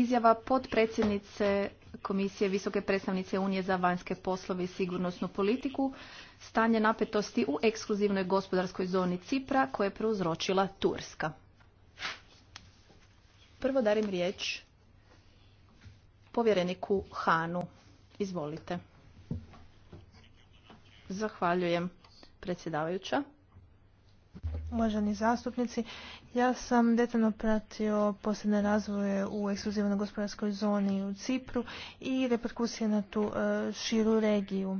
izjava potpredsjednice Komisije Visoke predstavnice Unije za vanjske poslove i sigurnosnu politiku stanje napetosti u ekskluzivnoj gospodarskoj zoni Cipra koje je prouzročila Turska. Prvo darim riječ povjereniku Hanu. Izvolite. Zahvaljujem predsjedavajuća. Uvaženi zastupnici, ja sam detaljno pratio posljedne razvoje u ekskluzivnoj gospodarskoj zoni u Cipru i reperkusije na tu e, širu regiju.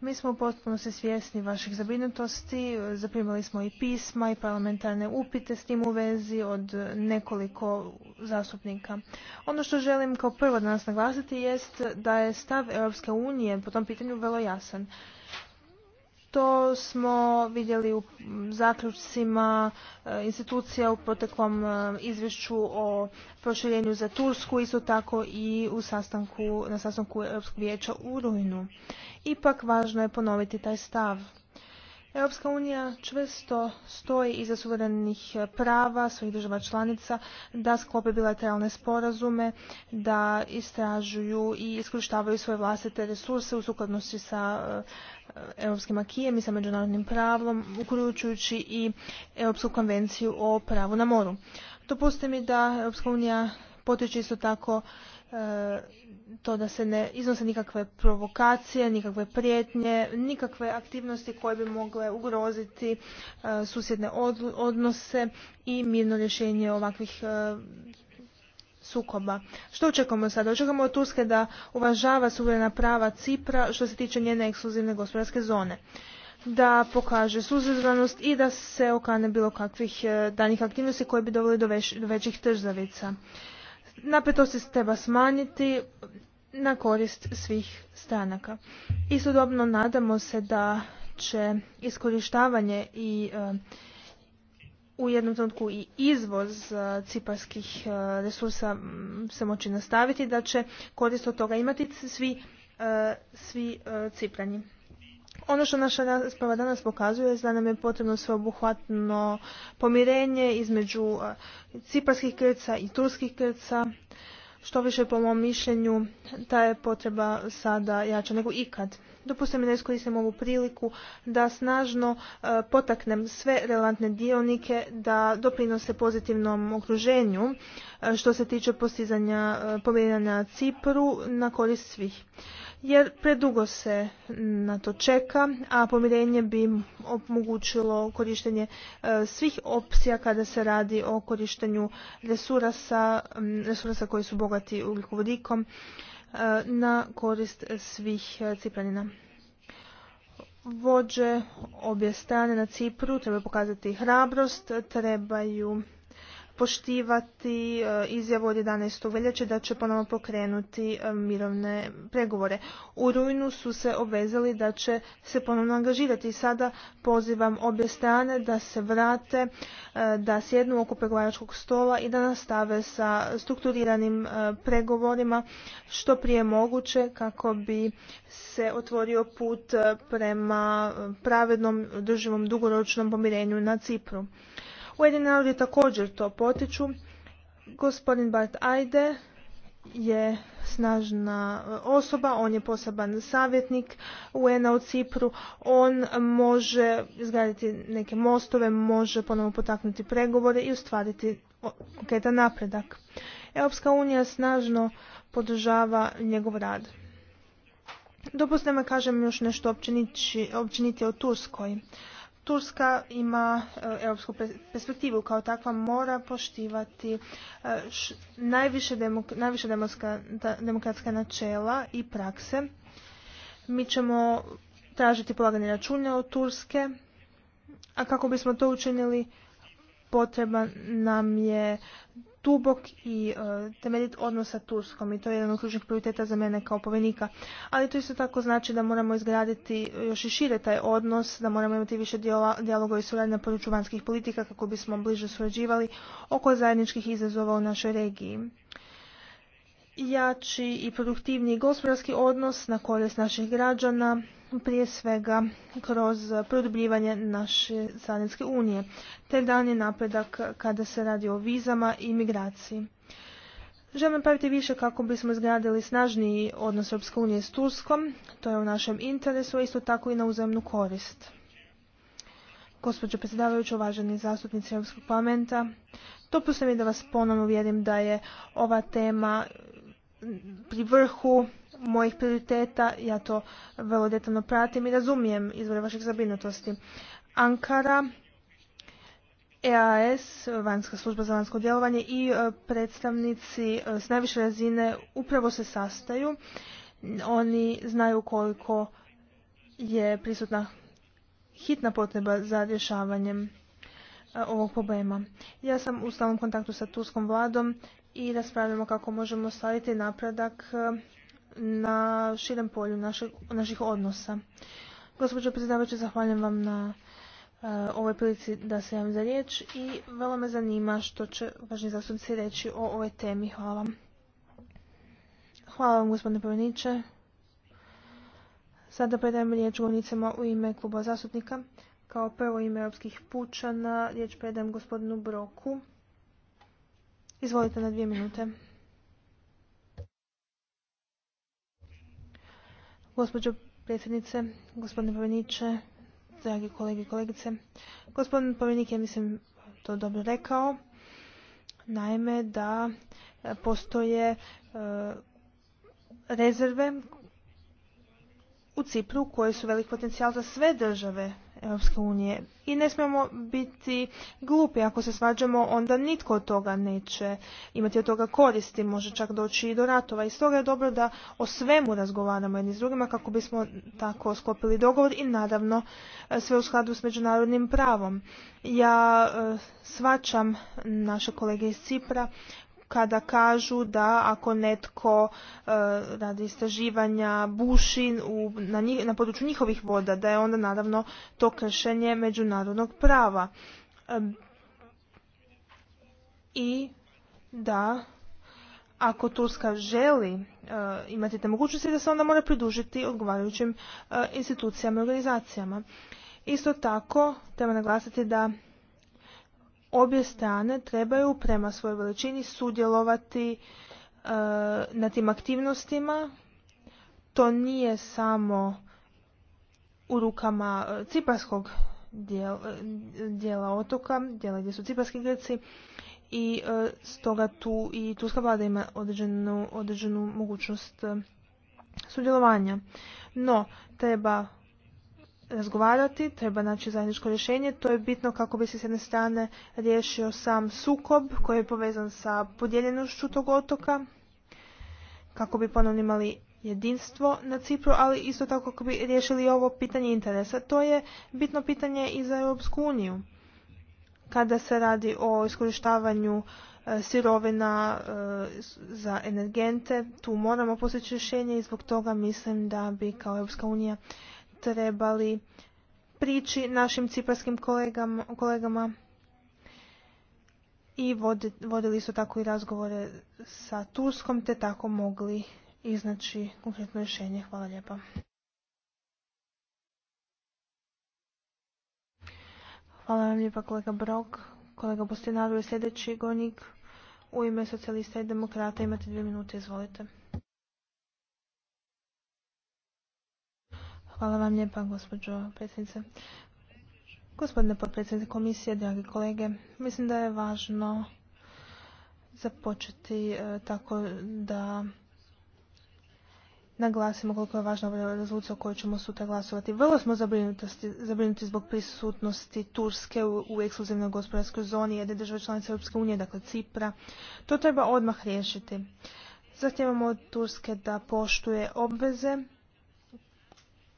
Mi smo potpuno se svjesni vaših zabrinutosti, zaprimali smo i pisma i parlamentarne upite s tim u vezi od nekoliko zastupnika. Ono što želim kao prvo danas naglasiti jest da je stav EU unije po tom pitanju vrlo jasan to smo vidjeli u zaključcima e, institucija u proteklom e, izvješću o proširenju za Tursku, isto tako i u sastanku, na sastanku Europskog vijeća u Rujnu. Ipak važno je ponoviti taj stav. Europska unija čvrsto stoji iza suverenih prava svojih država članica da sklope bilateralne sporazume, da istražuju i iskorištavaju svoje vlastite resurse u sukladnosti sa e, europskim akijem i sa međunarodnim pravom, uključujući i Europsku konvenciju o pravu na moru. Dopustite mi da Europska unija potiče isto tako e, to da se ne iznose nikakve provokacije, nikakve prijetnje, nikakve aktivnosti koje bi mogle ugroziti e, susjedne odnose i mirno rješenje ovakvih e, sukoba. Što očekujemo sada? Očekujemo od Turske da uvažava suverena prava Cipra što se tiče njene ekskluzivne gospodarske zone da pokaže suzrezvanost i da se okane bilo kakvih e, danih aktivnosti koje bi doveli do, većih tržavica. Napetosti se treba smanjiti na korist svih stranaka. Istodobno nadamo se da će iskorištavanje i e, u jednom trenutku i izvoz uh, ciparskih uh, resursa mm, se moći nastaviti, da će korist od toga imati svi, uh, svi ciprani. Ono što naša rasprava danas pokazuje je da nam je potrebno sveobuhvatno pomirenje između ciparskih krca i turskih krca. Što više po mom mišljenju, ta je potreba sada jača nego ikad. Dopustite mi da iskoristim ovu priliku da snažno e, potaknem sve relevantne dionike da doprinose pozitivnom okruženju e, što se tiče postizanja e, pobjeda na Cipru na korist svih. Jer predugo se na to čeka, a pomirenje bi omogućilo korištenje svih opcija kada se radi o korištenju resursa, resursa koji su bogati ugljikovodikom E, na korist svih e, Cipranina. Vođe obje strane na Cipru trebaju pokazati hrabrost, trebaju poštivati e, izjavu od 11. veljače da će ponovno pokrenuti e, mirovne pregovore. U rujnu su se obvezali da će se ponovno angažirati sada pozivam obje strane da se vrate, e, da sjednu oko pregovaračkog stola i da nastave sa strukturiranim pregovorima što prije moguće kako bi se otvorio put prema pravednom, drživom, dugoročnom pomirenju na Cipru. Ujedini narodi također to potiču. Gospodin Bart Ajde je snažna osoba, on je poseban savjetnik UN-a u Cipru, on može izgraditi neke mostove, može ponovno potaknuti pregovore i ostvariti konkretan napredak. Europska unija snažno podržava njegov rad. Dopustite me kažem još nešto općenitije o Turskoj. Turska ima e, europsku perspektivu kao takva mora poštivati e, najviše, najviše demokratska načela i prakse. Mi ćemo tražiti polaganje računa od Turske, a kako bismo to učinili potreba nam je dubok i e, temeljit odnos sa Turskom i to je jedan od ključnih prioriteta za mene kao povjenika. Ali to isto tako znači da moramo izgraditi još i šire taj odnos, da moramo imati više dijaloga i suradnje na području vanjskih politika kako bismo bliže surađivali oko zajedničkih izazova u našoj regiji jači i produktivniji gospodarski odnos na korist naših građana prije svega kroz produbljivanje naše carinske unije, te daljnji napredak kada se radi o vizama i migraciji. Želim napraviti više kako bismo izgradili snažniji odnos Europske unije s Turskom, to je u našem interesu, a isto tako i na uzemnu korist. Gospođo predsjedavajući, uvaženi zastupnici Europskog parlamenta, dopustite mi da vas ponovno uvjerim da je ova tema pri vrhu mojih prioriteta, ja to vrlo detaljno pratim i razumijem izvore vaših zabrinutosti. Ankara, EAS, Vanjska služba za vanjsko djelovanje i e, predstavnici e, s najviše razine upravo se sastaju. Oni znaju koliko je prisutna hitna potreba za rješavanjem e, ovog problema. Ja sam u stalnom kontaktu sa turskom vladom i raspravljamo kako možemo staviti napredak na širem polju naših odnosa. Gospođo predsjedavajuća, zahvaljujem vam na eh, ovoj prilici da se javim za riječ i vrlo me zanima što će važni zastupnici reći o ovoj temi. Hvala vam. Hvala vam gospodine povjereniče. Sada predajem riječ govnicama u ime kluba zastupnika. Kao prvo ime europskih pučana riječ predajem gospodinu Broku. Izvolite na dvije minute. Gospođo predsjednice, gospodine povjereniče, dragi kolege i kolegice. Gospodin povjerenik je, mislim, to dobro rekao. Naime, da e, postoje e, rezerve u Cipru koje su velik potencijal za sve države Europske unije. I ne smijemo biti glupi ako se svađamo, onda nitko od toga neće imati od toga koristi, može čak doći i do ratova. I stoga je dobro da o svemu razgovaramo jedni s drugima kako bismo tako sklopili dogovor i nadavno e, sve u skladu s međunarodnim pravom. Ja e, svačam naše kolege iz Cipra kada kažu da ako netko e, radi istraživanja buši na, području njihovih voda, da je onda naravno to kršenje međunarodnog prava. I da ako Turska želi e, imati te mogućnosti, da se onda mora pridružiti odgovarajućim e, institucijama i organizacijama. Isto tako treba naglasiti da obje strane trebaju prema svojoj veličini sudjelovati e, na tim aktivnostima. To nije samo u rukama e, ciparskog e, dijela, otoka, dijela gdje su ciparski greci i e, stoga tu i turska vlada ima određenu, određenu mogućnost sudjelovanja. No, treba razgovarati, treba naći zajedničko rješenje. To je bitno kako bi se s jedne strane riješio sam sukob koji je povezan sa podijeljenošću tog otoka, kako bi ponovno imali jedinstvo na Cipru, ali isto tako kako bi riješili ovo pitanje interesa. To je bitno pitanje i za Europsku uniju. Kada se radi o iskorištavanju e, sirovina e, za energente, tu moramo postići rješenje i zbog toga mislim da bi kao Europska unija trebali prići našim ciparskim kolegama, i vodili su tako i razgovore sa Turskom te tako mogli iznaći konkretno rješenje. Hvala lijepa. Hvala vam lijepa kolega Brok. Kolega Bostinaru je sljedeći govornik u ime socijalista i demokrata. Imate dvije minute, izvolite. Hvala vam lijepa, gospođo predsjednice. Gospodine potpredsjednice komisije, dragi kolege, mislim da je važno započeti e, tako da naglasimo koliko je važna ova rezolucija o kojoj ćemo sutra glasovati. Vrlo smo zabrinuti zbog prisutnosti Turske u, ekskluzivnoj gospodarskoj zoni jedne države članice Europske unije, dakle Cipra. To treba odmah riješiti. Zahtjevamo od Turske da poštuje obveze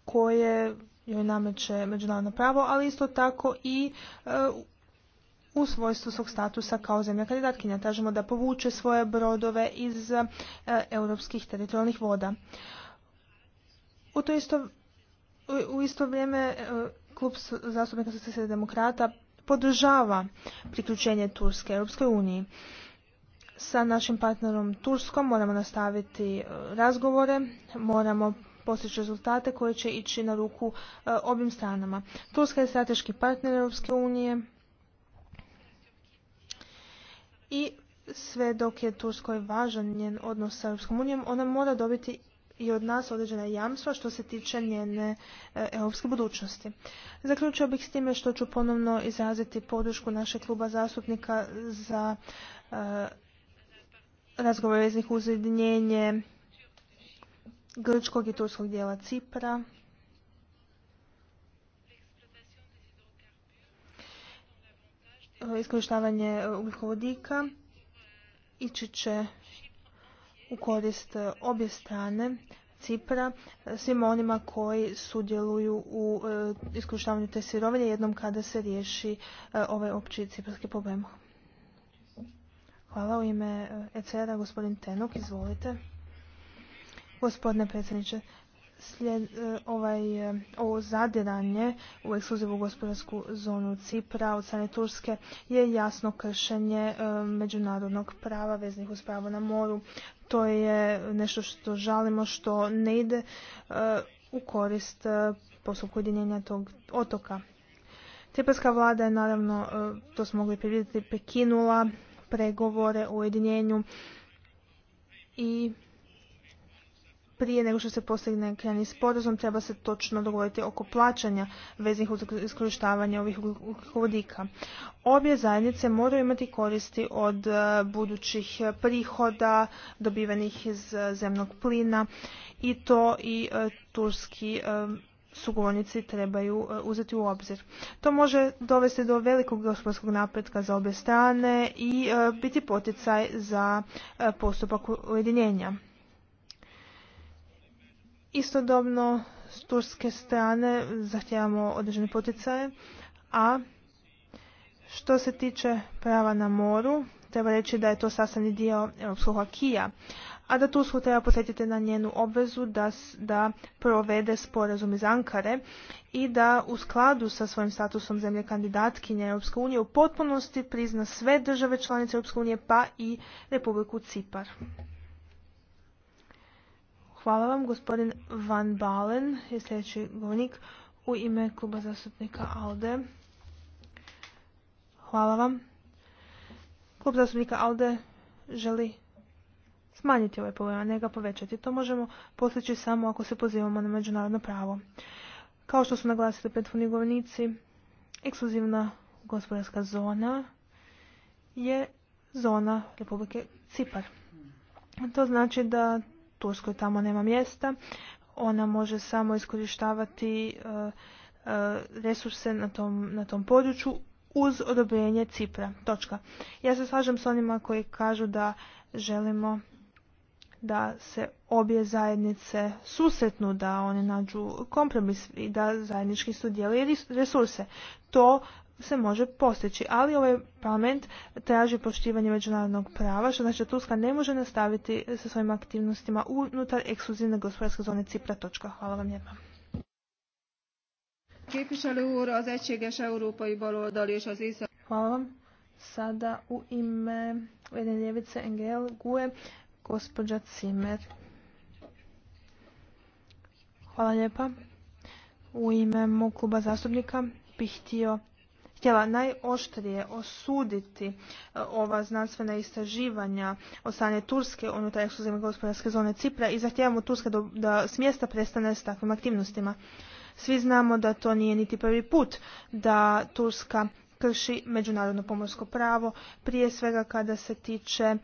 koje joj nameće međunarodno pravo, ali isto tako i e, u svojstvu svog statusa kao zemlja kandidatkinja. Tražimo da povuče svoje brodove iz e, europskih teritorijalnih voda. U to isto u isto vrijeme e, klub zastupnika Socijaldemokrata demokrata podržava priključenje Turske Europskoj uniji. Sa našim partnerom Turskom moramo nastaviti razgovore, moramo postići rezultate koje će ići na ruku e, obim stranama. Turska je strateški partner Europske unije i sve dok je Turskoj važan njen odnos sa Europskom unijom, ona mora dobiti i od nas određena jamstva što se tiče njene e, europske budućnosti. Zaključio bih s time što ću ponovno izraziti podršku našeg kluba zastupnika za e, razgovor veznih grčkog i turskog dijela Cipra, e, iskorištavanje ugljikovodika ići će u korist obje strane Cipra e, svima onima koji sudjeluju u e, iskorištavanju te sirovine jednom kada se riješi ovaj opći ciprski problem. Hvala u ime ECR-a gospodin Tenok, izvolite. Gospodine predsjedniče, e, ovaj, e, ovo zadiranje u ekskluzivu gospodarsku zonu Cipra od strane Turske je jasno kršenje e, međunarodnog prava veznih uz pravo na moru. To je nešto što žalimo što ne ide u korist postupku ujedinjenja tog otoka. Ciprska vlada je naravno, to smo mogli prividjeti, prekinula pregovore o ujedinjenju i prije nego što se postigne krajni sporazum treba se točno dogovoriti oko plaćanja veznih uz ovih ugljikovodika. Obje zajednice moraju imati koristi od e, budućih prihoda dobivenih iz e, zemnog plina i to i e, turski sugovornici trebaju uzeti u obzir. To može dovesti do velikog gospodarskog napretka za obje strane i biti poticaj za postupak ujedinjenja. Istodobno s turske strane zahtijevamo određene poticaje, a što se tiče prava na moru, treba reći da je to sastavni dio Europskog akija, a da Tursku treba posjetiti na njenu obvezu da, da provede sporazum iz Ankare i da u skladu sa svojim statusom zemlje kandidatkinje Europske unije u potpunosti prizna sve države članice Europske unije pa i Republiku Cipar. Hvala vam, gospodin Van Balen je sljedeći govornik u ime kluba zastupnika ALDE. Hvala vam. Klub zastupnika ALDE želi smanjiti ovaj problem, a ne ga povećati. To možemo postići samo ako se pozivamo na međunarodno pravo. Kao što su naglasili prethodni govornici, ekskluzivna gospodarska zona je zona Republike Cipar. To znači da Turskoj tamo nema mjesta. Ona može samo iskorištavati eh, eh, resurse na tom, na tom području uz odobrenje Cipra. Točka. Ja se slažem s onima koji kažu da želimo da se obje zajednice susretnu, da one nađu kompromis i da zajednički studijeli resurse. To se može postići. Ali ovaj parlament traži poštivanje međunarodnog prava, što znači da Turska ne može nastaviti sa svojim aktivnostima unutar ekskluzivne gospodarske zone Cipra. Točka. Hvala vam lijepa. Hvala vam. Sada u ime jedne ljevice NGL Gue, gospođa Cimer. Hvala lijepa. U ime mog kluba zastupnika bih htio htjela najoštrije osuditi e, ova znanstvena istraživanja od strane Turske unutar ekskluzivne gospodarske zone Cipra i zahtijevamo Turska da, s mjesta prestane s takvim aktivnostima. Svi znamo da to nije niti prvi put da Turska krši međunarodno pomorsko pravo, prije svega kada se tiče e,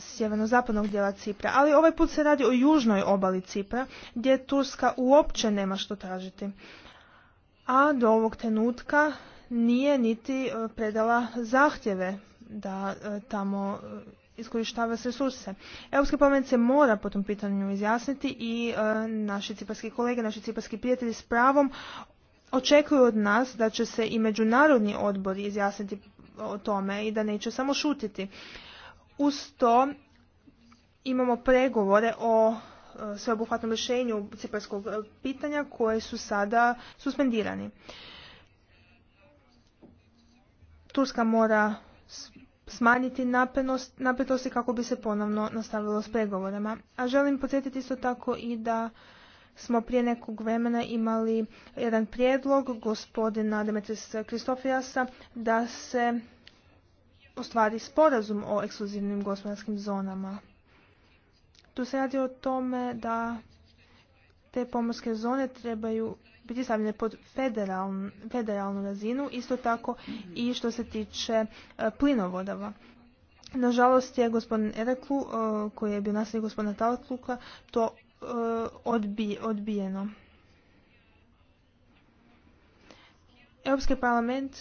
sjeverno-zapadnog dijela Cipra. Ali ovaj put se radi o južnoj obali Cipra, gdje Turska uopće nema što tražiti. A do ovog trenutka nije niti e, predala zahtjeve da e, tamo e, iskorištava se resurse. Europski parlament se mora po tom pitanju izjasniti i naši ciparski kolege, naši ciparski prijatelji s pravom očekuju od nas da će se i međunarodni odbor izjasniti o tome i da neće samo šutiti. Uz to imamo pregovore o sveobuhvatnom rješenju ciparskog pitanja koje su sada suspendirani. Turska mora smanjiti napenost, napetosti kako bi se ponovno nastavilo s pregovorama. A želim podsjetiti isto tako i da smo prije nekog vremena imali jedan prijedlog gospodina Demetris Kristofijasa da se ostvari sporazum o ekskluzivnim gospodarskim zonama. Tu se radi o tome da te pomorske zone trebaju biti stavljene pod federalnu razinu, isto tako i što se tiče e, plinovodava. Nažalost je gospodin Ereklu, e, koji je bio nasljednik gospodina Talatluka, to e, odbijeno. Europski parlament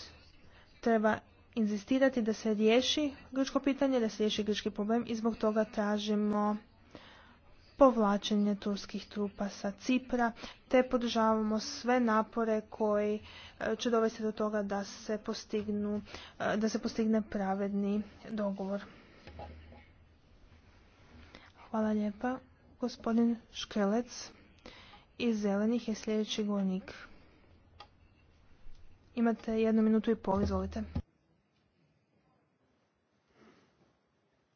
treba inzistirati da se riješi grčko pitanje, da se riješi grčki problem i zbog toga tražimo povlačenje turskih trupa sa Cipra, te podržavamo sve napore koji e, će dovesti do toga da se, postignu, e, da se postigne pravedni dogovor. Hvala lijepa. Gospodin Škrelec. iz Zelenih je sljedeći govornik. Imate jednu minutu i pol, izvolite.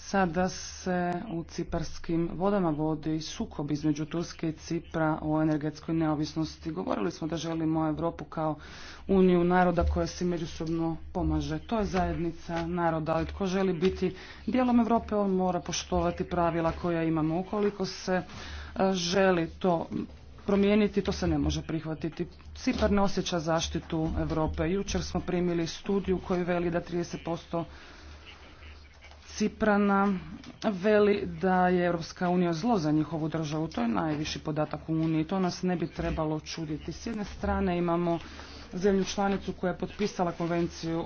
Sada se u ciparskim vodama vodi sukob između Turske i Cipra o energetskoj neovisnosti. Govorili smo da želimo Europu kao uniju naroda koja si međusobno pomaže. To je zajednica naroda, ali tko želi biti dijelom Europe, on mora poštovati pravila koja imamo. Ukoliko se e, želi to promijeniti, to se ne može prihvatiti. Cipar ne osjeća zaštitu Europe. Jučer smo primili studiju koju veli da 30% Ciprana veli da je Europska unija zlo za njihovu državu. To je najviši podatak u Uniji. To nas ne bi trebalo čuditi. S jedne strane imamo zemlju članicu koja je potpisala konvenciju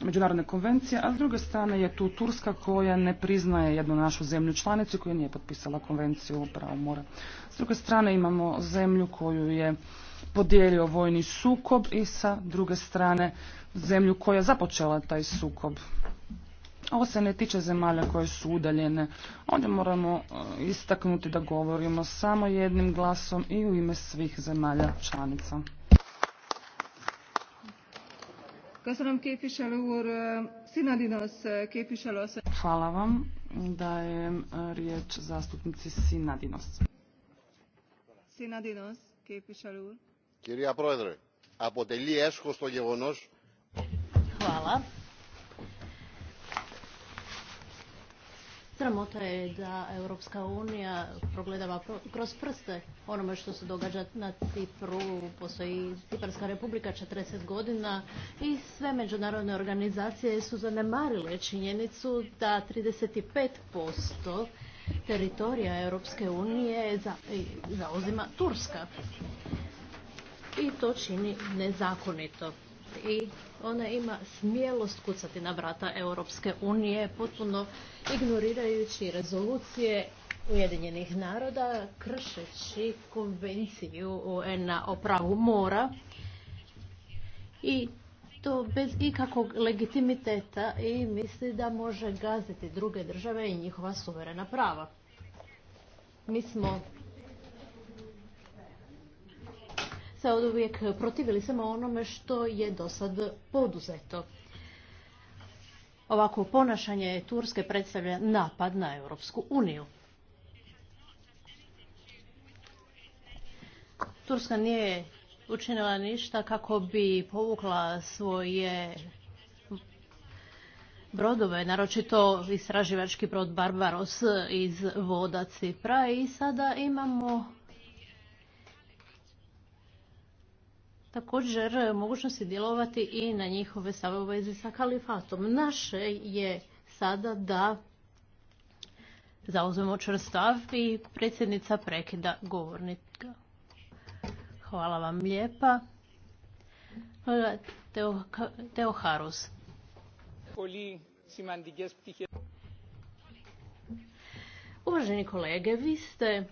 međunarodne konvencije, a s druge strane je tu Turska koja ne priznaje jednu našu zemlju članicu koja nije potpisala konvenciju o pravu mora. S druge strane imamo zemlju koju je podijelio vojni sukob i sa druge strane zemlju koja je započela taj sukob. Ovo se ne tiče zemalja koje su udaljene. Ovdje moramo e, istaknuti da govorimo samo jednim glasom i u ime svih zemalja članica. Hvala vam. Dajem e, riječ zastupnici Sinadinos. Hvala. Sramota je da Europska unija progledava kroz prste onome što se događa na Cipru. Postoji Ciparska republika 40 godina i sve međunarodne organizacije su zanemarile činjenicu da 35% teritorija Europske unije zauzima Turska. I to čini nezakonito i ona ima smjelost kucati na vrata Europske unije potpuno ignorirajući rezolucije Ujedinjenih naroda kršeći konvenciju UN-a o pravu mora i to bez ikakvog legitimiteta i misli da može gaziti druge države i njihova suverena prava. Mi smo E, se od uvijek protivili samo onome što je do sad poduzeto. Ovako ponašanje Turske predstavlja napad na Europsku uniju. Turska nije učinila ništa kako bi povukla svoje brodove, naročito istraživački brod Barbaros iz voda Cipra i sada imamo također mogućnosti djelovati i na njihove stave u vezi sa kalifatom. Naše je sada da zauzmemo čvrst i predsjednica prekida govornika. Hvala vam lijepa. Teo, Teo Harus. Uvaženi kolege, vi ste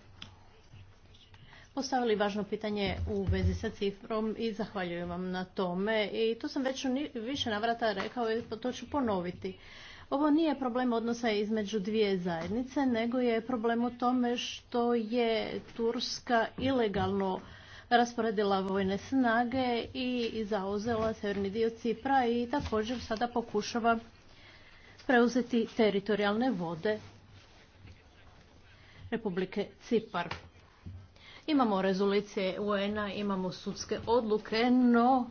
postavili važno pitanje u vezi sa cifrom i zahvaljujem vam na tome. I to sam već više navrata rekao i to ću ponoviti. Ovo nije problem odnosa između dvije zajednice, nego je problem u tome što je Turska ilegalno rasporedila vojne snage i zauzela severni dio Cipra i također sada pokušava preuzeti teritorijalne vode Republike Cipar. Imamo rezolucije UN-a, imamo sudske odluke, no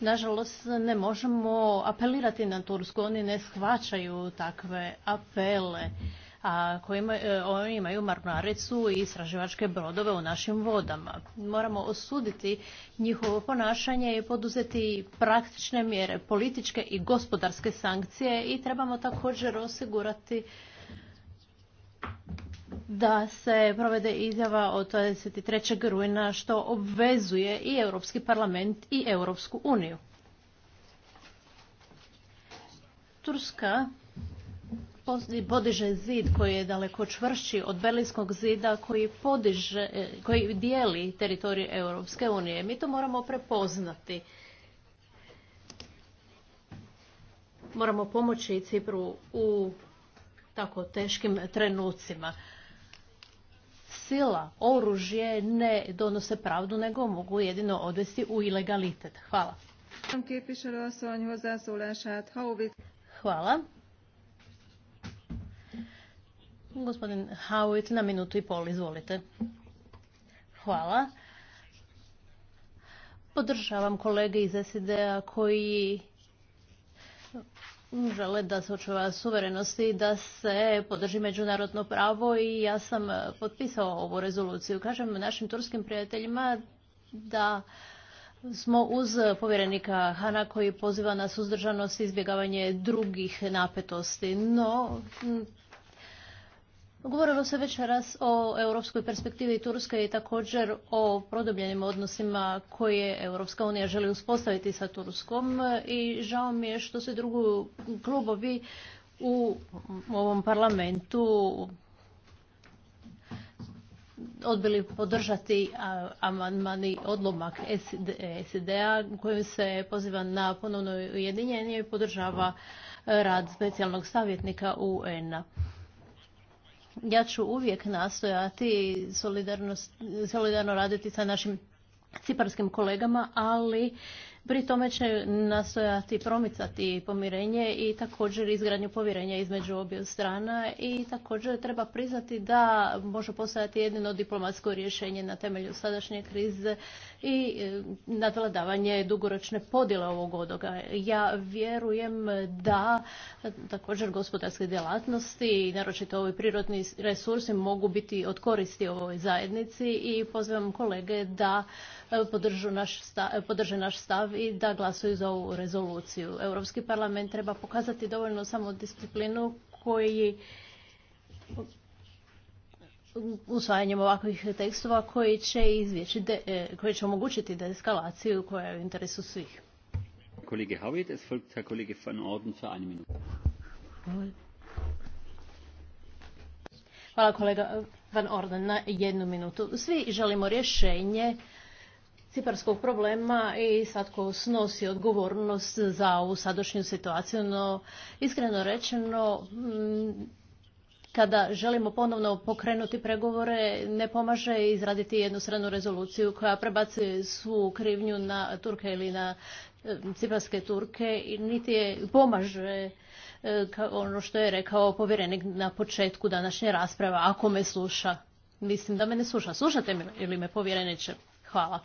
Nažalost, ne možemo apelirati na Tursku, oni ne shvaćaju takve apele. A e, oni imaju marmaricu i istraživačke brodove u našim vodama. Moramo osuditi njihovo ponašanje i poduzeti praktične mjere, političke i gospodarske sankcije i trebamo također osigurati da se provede izjava od 23. rujna što obvezuje i Europski parlament i Europsku uniju. Turska podiže zid koji je daleko čvršći od Berlinskog zida koji, podiže, koji dijeli teritorij Europske unije. Mi to moramo prepoznati. Moramo pomoći Cipru u tako teškim trenucima sila, oružje ne donose pravdu, nego mogu jedino odvesti u ilegalitet. Hvala. Hvala. Gospodin Howitt, na minutu i pol, izvolite. Hvala. Podržavam kolege iz SED-a koji žele da se očuva suverenosti, i da se podrži međunarodno pravo i ja sam e, potpisao ovu rezoluciju. Kažem našim turskim prijateljima da smo uz povjerenika Hana koji poziva na suzdržanost i izbjegavanje drugih napetosti. No, Govorilo se već raz o europskoj perspektivi Turske i također o produbljenim odnosima koje Europska unija želi uspostaviti sa Turskom i žao mi je što se drugu klubovi u ovom parlamentu odbili podržati amandman odlomak SID-a kojim se poziva na ponovno ujedinjenje i podržava rad specijalnog savjetnika UN-a ja ću uvijek nastojati solidarno raditi sa našim ciparskim kolegama, ali pri tome će nastojati promicati pomirenje i također izgradnju povjerenja između obje strana i također treba priznati da može postojati jedino diplomatsko rješenje na temelju sadašnje krize i e, nadladavanje dugoročne podjele ovog odoga. Ja vjerujem da također gospodarske djelatnosti i naročito ovi prirodni resursi mogu biti od koristi ovoj zajednici i pozivam kolege da e, e, podrže naš stav i da glasuju za ovu rezoluciju. Europski parlament treba pokazati dovoljno samodisciplinu koji usvajanjem ovakvih tekstova koji će, izvjeći e, koji će omogućiti deeskalaciju koja je u interesu svih. es folgt van Orden Hvala kolega Van Orden na jednu minutu. Svi želimo rješenje ciparskog problema i svatko snosi odgovornost za ovu sadašnju situaciju, no iskreno rečeno kada želimo ponovno pokrenuti pregovore, ne pomaže izraditi jednostranu rezoluciju koja prebacuje svu krivnju na Turke ili na e, ciparske Turke, niti je pomaže e, ono što je rekao povjerenik na početku današnje rasprave, ako me sluša. Mislim da me ne sluša. Slušate me ili me povjereniče? Hvala.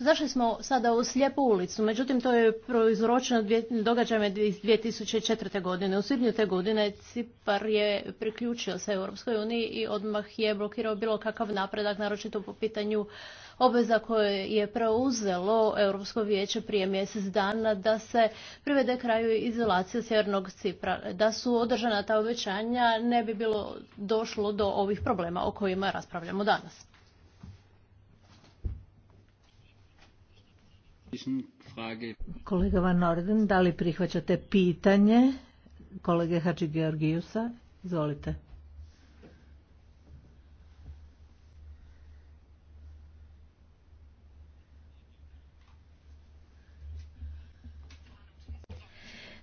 Zašli smo sada u slijepu ulicu, međutim to je proizročeno događajme iz 2004. godine. U svibnju te godine Cipar je priključio se Europskoj uniji i odmah je blokirao bilo kakav napredak, naročito po pitanju obveza koje je preuzelo Europsko vijeće prije mjesec dana da se privede kraju izolacije Sjevernog Cipra. Da su održana ta obećanja ne bi bilo došlo do ovih problema o kojima raspravljamo danas. Kolega Van Orden, da li prihvaćate pitanje kolege Hadži Georgijusa? Izvolite.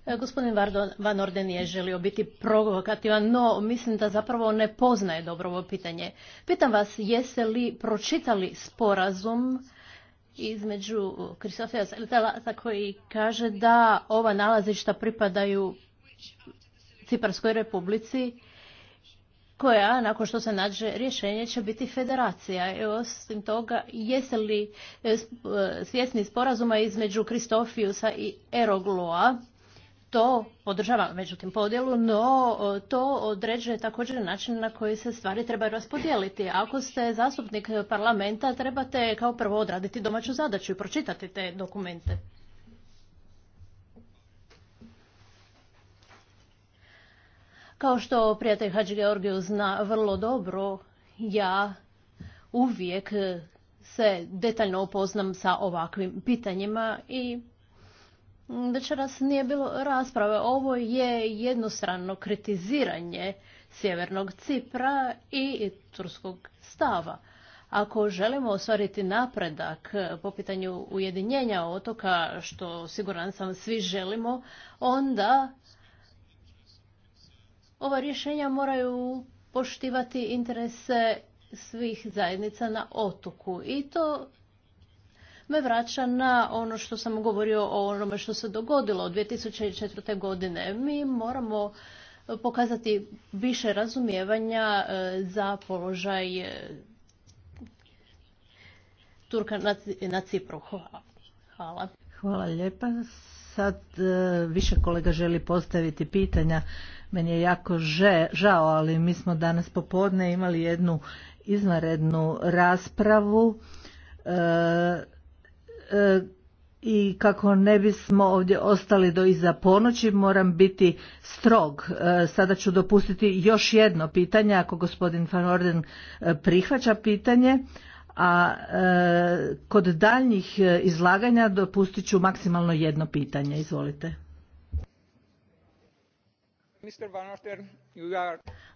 E, gospodin Van Orden je želio biti provokativan, no mislim da zapravo ne poznaje dobro ovo pitanje. Pitam vas, jeste li pročitali sporazum između Kristofija uh, Selitelata koji kaže da ova nalazišta pripadaju Ciparskoj republici koja, nakon što se nađe rješenje, će biti federacija. I osim toga, jeste li eh, eh, svjesni sporazuma između Kristofijusa i Erogloa, to podržava međutim podjelu, no to određuje također način na koji se stvari treba raspodijeliti. Ako ste zastupnik parlamenta, trebate kao prvo odraditi domaću zadaću i pročitati te dokumente. Kao što prijatelj Hadži Georgiju zna vrlo dobro, ja uvijek se detaljno upoznam sa ovakvim pitanjima i večeras nije bilo rasprave. Ovo je jednostrano kritiziranje Sjevernog Cipra i turskog stava. Ako želimo ostvariti napredak po pitanju ujedinjenja otoka, što siguran sam svi želimo, onda ova rješenja moraju poštivati interese svih zajednica na otoku. I to me vraća na ono što sam govorio o onome što se dogodilo od 2004. godine. Mi moramo pokazati više razumijevanja e, za položaj e, Turka na Cipru. Hvala. Hvala lijepa. Sad e, više kolega želi postaviti pitanja. Meni je jako žao, ali mi smo danas popodne imali jednu izvanrednu raspravu. E, i kako ne bismo ovdje ostali do iza ponoći moram biti strog. E, sada ću dopustiti još jedno pitanje ako gospodin Van Orden e, prihvaća pitanje, a kod daljnjih izlaganja dopustit ću maksimalno jedno pitanje. Izvolite.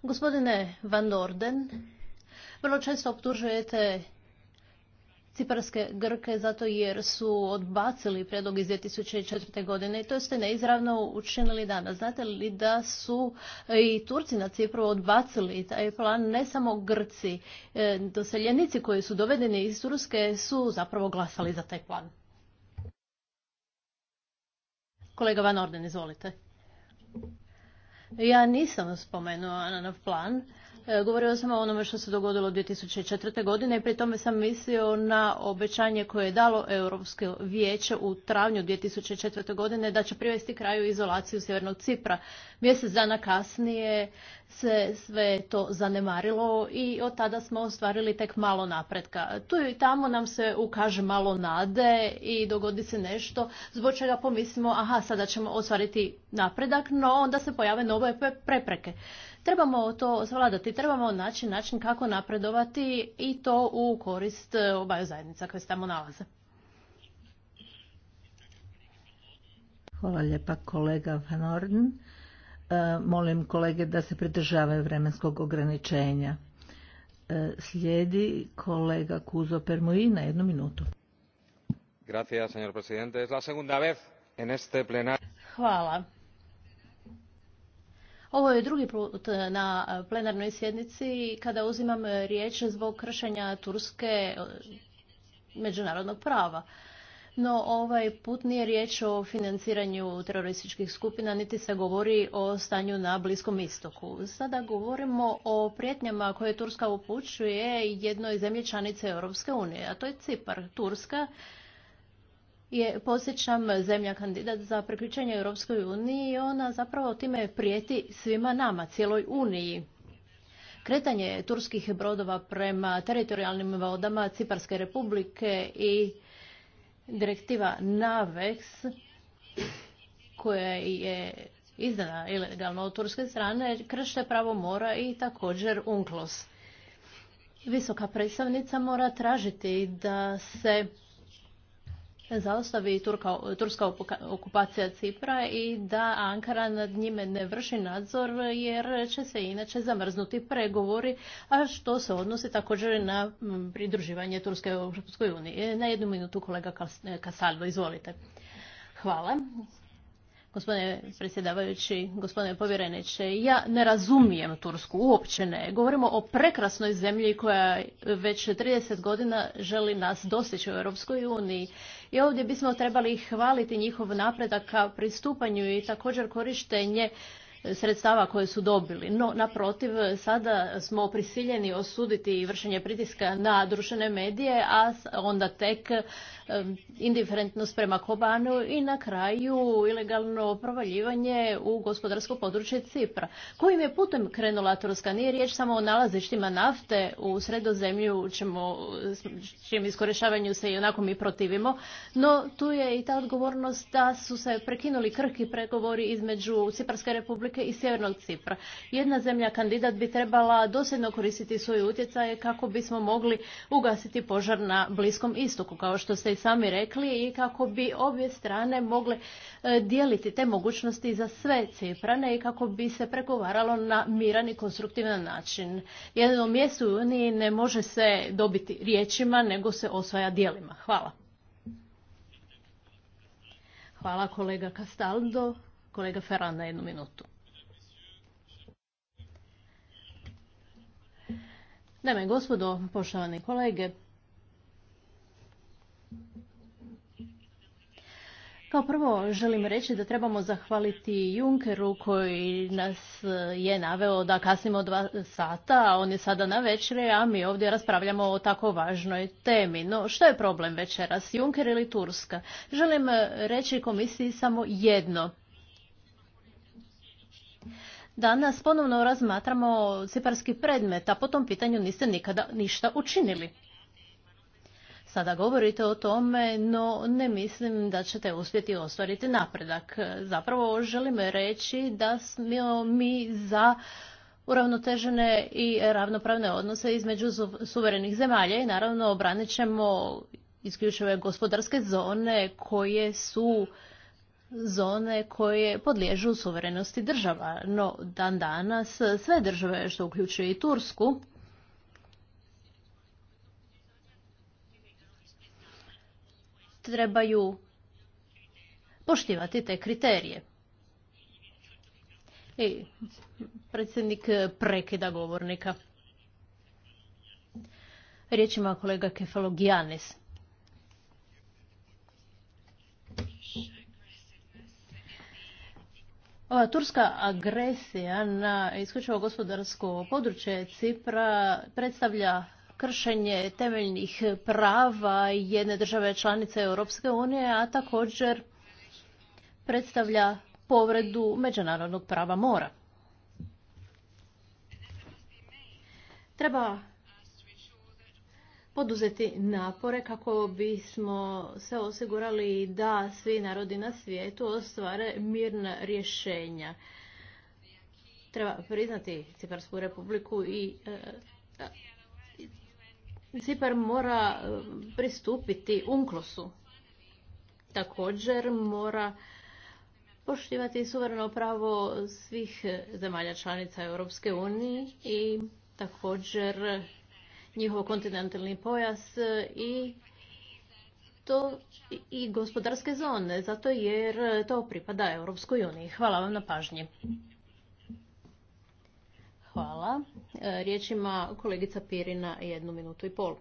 Gospodine Van Orden, vrlo često optužujete ciparske Grke zato jer su odbacili predlog iz 2004. godine i to ste neizravno učinili danas. Znate li da su e, i Turci na Cipru odbacili taj plan, ne samo Grci. E, doseljenici koji su dovedeni iz Turske su zapravo glasali za taj plan. Kolega Van Orden, izvolite. Ja nisam spomenuo Ananov plan, E, Govorio sam o onome što se dogodilo 2004. godine i pri tome sam mislio na obećanje koje je dalo Europsko vijeće u travnju 2004. godine da će privesti kraju izolaciju Sjevernog Cipra. Mjesec dana kasnije se sve to zanemarilo i od tada smo ostvarili tek malo napretka. Tu i tamo nam se ukaže malo nade i dogodi se nešto zbog čega pomislimo aha sada ćemo ostvariti napredak, no onda se pojave nove prepreke. Trebamo to svladati, trebamo naći način kako napredovati i to u korist e, obaju zajednica koje se tamo nalaze. Hvala kolega Van Orden. E, molim kolege da se pridržavaju vremenskog ograničenja. E, slijedi kolega Kuzo Permuji na jednu minutu. Gracias, Hvala. Ovo je drugi put na plenarnoj sjednici kada uzimam riječ zbog kršenja Turske e, međunarodnog prava. No ovaj put nije riječ o financiranju terorističkih skupina, niti se govori o stanju na Bliskom istoku. Sada govorimo o prijetnjama koje Turska upućuje jednoj zemlji Europske unije, a to je Cipar. Turska je, posjećam, zemlja kandidat za priključenje Europskoj uniji i ona zapravo time prijeti svima nama, cijeloj uniji. Kretanje turskih brodova prema teritorijalnim vodama Ciparske republike i Direktiva NAVEX koja je izdana ilegalno od turske strane krše pravo mora i također UNCLOS. Visoka predstavnica mora tražiti da se zaustavi turska okupacija Cipra i da Ankara nad njime ne vrši nadzor jer će se inače zamrznuti pregovori, a što se odnosi također na pridruživanje Turske Europskoj uniji. E, na jednu minutu kolega e, Kasaldo, izvolite. Hvala. Gospodine predsjedavajući, gospodine povjereniče, ja ne razumijem Tursku, uopće ne. Govorimo o prekrasnoj zemlji koja već 30 godina želi nas dostići u Europskoj uniji i ovdje bismo trebali hvaliti njihov napredak ka pristupanju i također korištenje sredstava koje su dobili. No, naprotiv, sada smo prisiljeni osuditi vršenje pritiska na društvene medije, a onda tek indiferentnost prema Kobanu i na kraju ilegalno provaljivanje u gospodarsko područje Cipra. Kojim je putem krenula Turska? Nije riječ samo o nalazištima nafte u sredozemlju, čim čijem iskorišavanju se i onako mi protivimo, no tu je i ta odgovornost da su se prekinuli krki pregovori između Ciparske republike i Sjevernog Cipra. Jedna zemlja kandidat bi trebala dosljedno koristiti svoj utjecaj kako bismo mogli ugasiti požar na Bliskom istoku, kao što ste sami rekli i kako bi obje strane mogle e, dijeliti te mogućnosti za sve Ciprane i kako bi se pregovaralo na miran i konstruktivan način. Jedno mjesto u Uniji ne može se dobiti riječima, nego se osvaja dijelima. Hvala. Hvala kolega Castaldo. Kolega Ferran na jednu minutu. Dame gospodo, poštovani kolege, Kao prvo želim reći da trebamo zahvaliti Junkeru koji nas je naveo da kasnimo dva sata, a on je sada na večeri, a mi ovdje raspravljamo o tako važnoj temi. No što je problem večeras, Junker ili Turska? Želim reći komisiji samo jedno. Danas ponovno razmatramo ciparski predmet, a po tom pitanju niste nikada ništa učinili sada govorite o tome, no ne mislim da ćete uspjeti ostvariti napredak. Zapravo želim reći da smo mi za uravnotežene i ravnopravne odnose između suverenih zemalja i naravno obranit ćemo isključive gospodarske zone koje su zone koje podliježu suverenosti država. No, dan danas sve države, što uključuje i Tursku, trebaju poštivati te kriterije. I predsjednik prekida govornika. Riječ ima kolega Kefalogijanis. Ova turska agresija na isključivo gospodarsko područje Cipra predstavlja kršenje temeljnih prava jedne države članice Europske unije, a također predstavlja povredu međunarodnog prava mora. Treba poduzeti napore kako bismo se osigurali da svi narodi na svijetu ostvare mirna rješenja. Treba priznati Ciparsku republiku i e, Cipar mora eh, pristupiti unklosu. Također mora poštivati suvereno pravo svih eh, zemalja članica Europske unije i također njihov kontinentalni pojas eh, i to i gospodarske zone, zato jer to pripada Europskoj uniji. Hvala vam na pažnji. Hvala. E, ima kolegica Pirina jednu minutu i pol.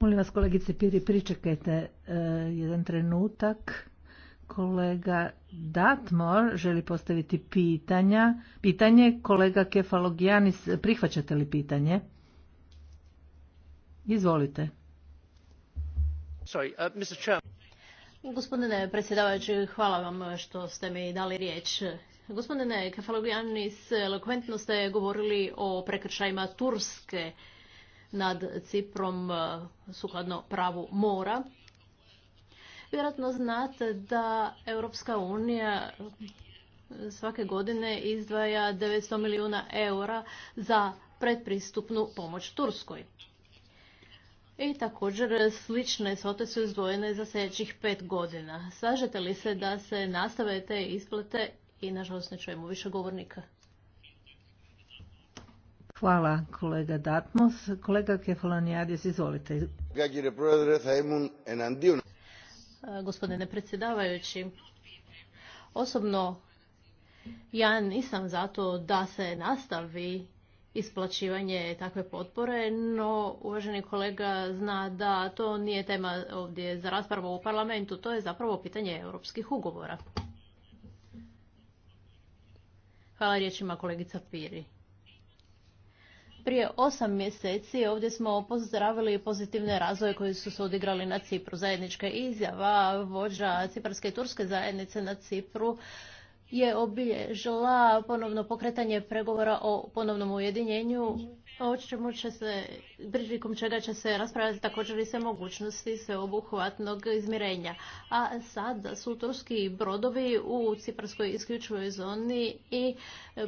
Molim vas kolegice Piri, pričekajte e, jedan trenutak. Kolega Datmor želi postaviti pitanja. Pitanje kolega Kefalogijanis, prihvaćate li pitanje? Izvolite. Sorry, uh, Gospodine predsjedavajući, hvala vam što ste mi dali riječ. Gospodine s elokventno ste govorili o prekršajima Turske nad Ciprom eh, sukladno pravu mora. Vjerojatno znate da Europska unija svake godine izdvaja 900 milijuna eura za predpristupnu pomoć Turskoj. I također slične sote su izdvojene za sljedećih pet godina. Slažete li se da se nastave te isplate i nažalost ne čujemo više govornika. Hvala kolega Datmos. Kolega izvolite. Gospodine predsjedavajući, osobno ja nisam zato da se nastavi isplaćivanje takve potpore, no uvaženi kolega zna da to nije tema ovdje za raspravu u parlamentu, to je zapravo pitanje europskih ugovora. Hvala riječima kolegica Piri. Prije osam mjeseci ovdje smo pozdravili pozitivne razvoje koji su se odigrali na Cipru. Zajednička izjava vođa Ciparske i Turske zajednice na Cipru je obilježila ponovno pokretanje pregovora o ponovnom ujedinjenju o čemu će se, prilikom čega će se raspravljati također i sve mogućnosti sveobuhvatnog izmirenja. A sad su turski brodovi u Ciparskoj isključivoj zoni i e,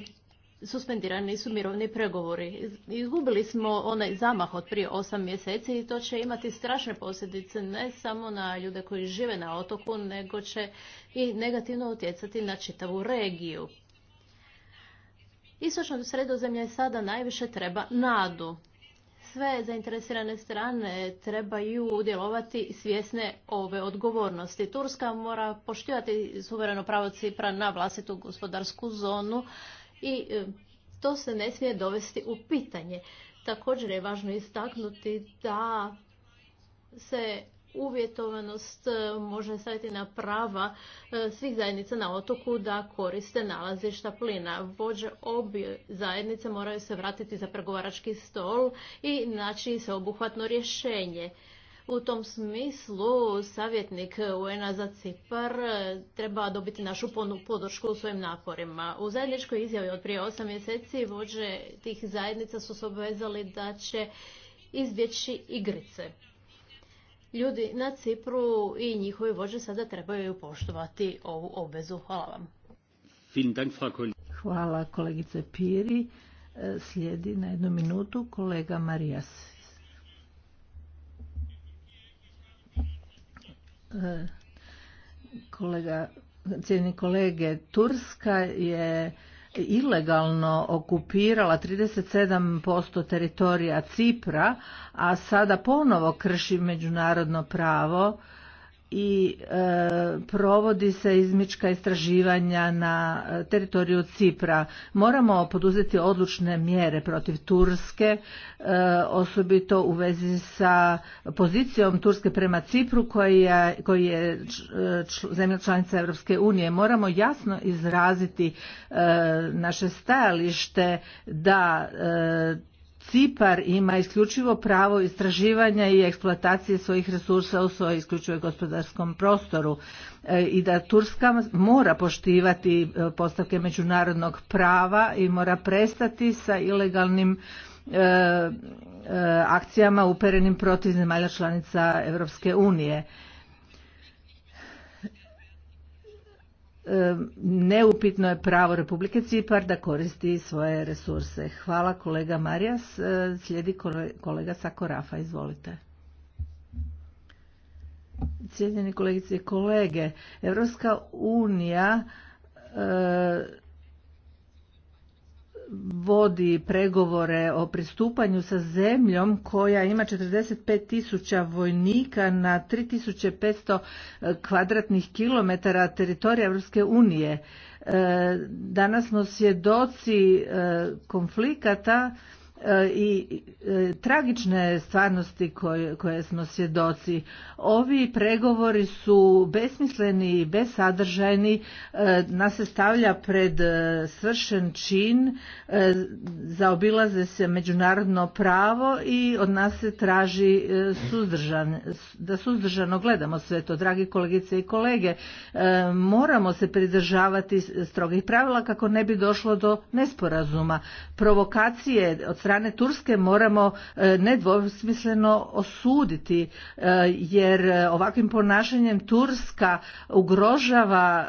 suspendirani su mirovni pregovori. Izgubili smo onaj zamah od prije osam mjeseci i to će imati strašne posljedice ne samo na ljude koji žive na otoku, nego će i negativno utjecati na čitavu regiju. Istočno sredozemlje sada najviše treba nadu. Sve zainteresirane strane trebaju udjelovati svjesne ove odgovornosti. Turska mora poštivati suvereno pravo Cipra na vlastitu gospodarsku zonu i e, to se ne smije dovesti u pitanje. Također je važno istaknuti da se uvjetovanost e, može staviti na prava e, svih zajednica na otoku da koriste nalazišta plina. Vođe obje zajednice moraju se vratiti za pregovarački stol i naći se obuhvatno rješenje. U tom smislu savjetnik un za Cipar e, treba dobiti našu ponu podršku u svojim naporima. U zajedničkoj izjavi od prije osam mjeseci vođe tih zajednica su se obvezali da će izbjeći igrice ljudi na Cipru i njihovi vođe sada trebaju poštovati ovu obvezu. Hvala vam. Hvala kolegice Piri. E, slijedi na jednu minutu kolega Marijas. E, kolega, cijenjeni kolege, Turska je ilegalno okupirala 37% teritorija Cipra, a sada ponovo krši međunarodno pravo i e, provodi se izmička istraživanja na e, teritoriju Cipra. Moramo poduzeti odlučne mjere protiv Turske, e, osobito u vezi sa pozicijom Turske prema Cipru koji je, koji je zemlja članica Europske unije. Moramo jasno izraziti naše stajalište da Cipar ima isključivo pravo istraživanja i eksploatacije svojih resursa u svojoj isključivoj gospodarskom prostoru e, i da Turska mora poštivati e, postavke međunarodnog prava i mora prestati sa ilegalnim e, akcijama uperenim protiv zemalja članica Europske unije. neupitno je pravo Republike Cipar da koristi svoje resurse. Hvala kolega Marijas. Slijedi kolega Sakorafa. Izvolite. Cijeljeni kolegice i kolege, Evropska unija vodi pregovore o pristupanju sa zemljom koja ima 45.000 tisuća vojnika na 3500 e, kvadratnih kilometara teritorija Europske unije. E, danas smo svjedoci e, konflikata i e, tragične stvarnosti koje, smo svjedoci. Ovi pregovori su besmisleni i besadržajni, e, nas se stavlja pred e, svršen čin, zaobilaze se međunarodno pravo i od nas se traži suzdržan, da suzdržano gledamo sve to. Dragi kolegice i kolege, moramo se pridržavati strogih pravila kako ne bi došlo do nesporazuma. Provokacije od strane strane Turske moramo e, nedvosmisleno osuditi e, jer e, ovakvim ponašanjem Turska ugrožava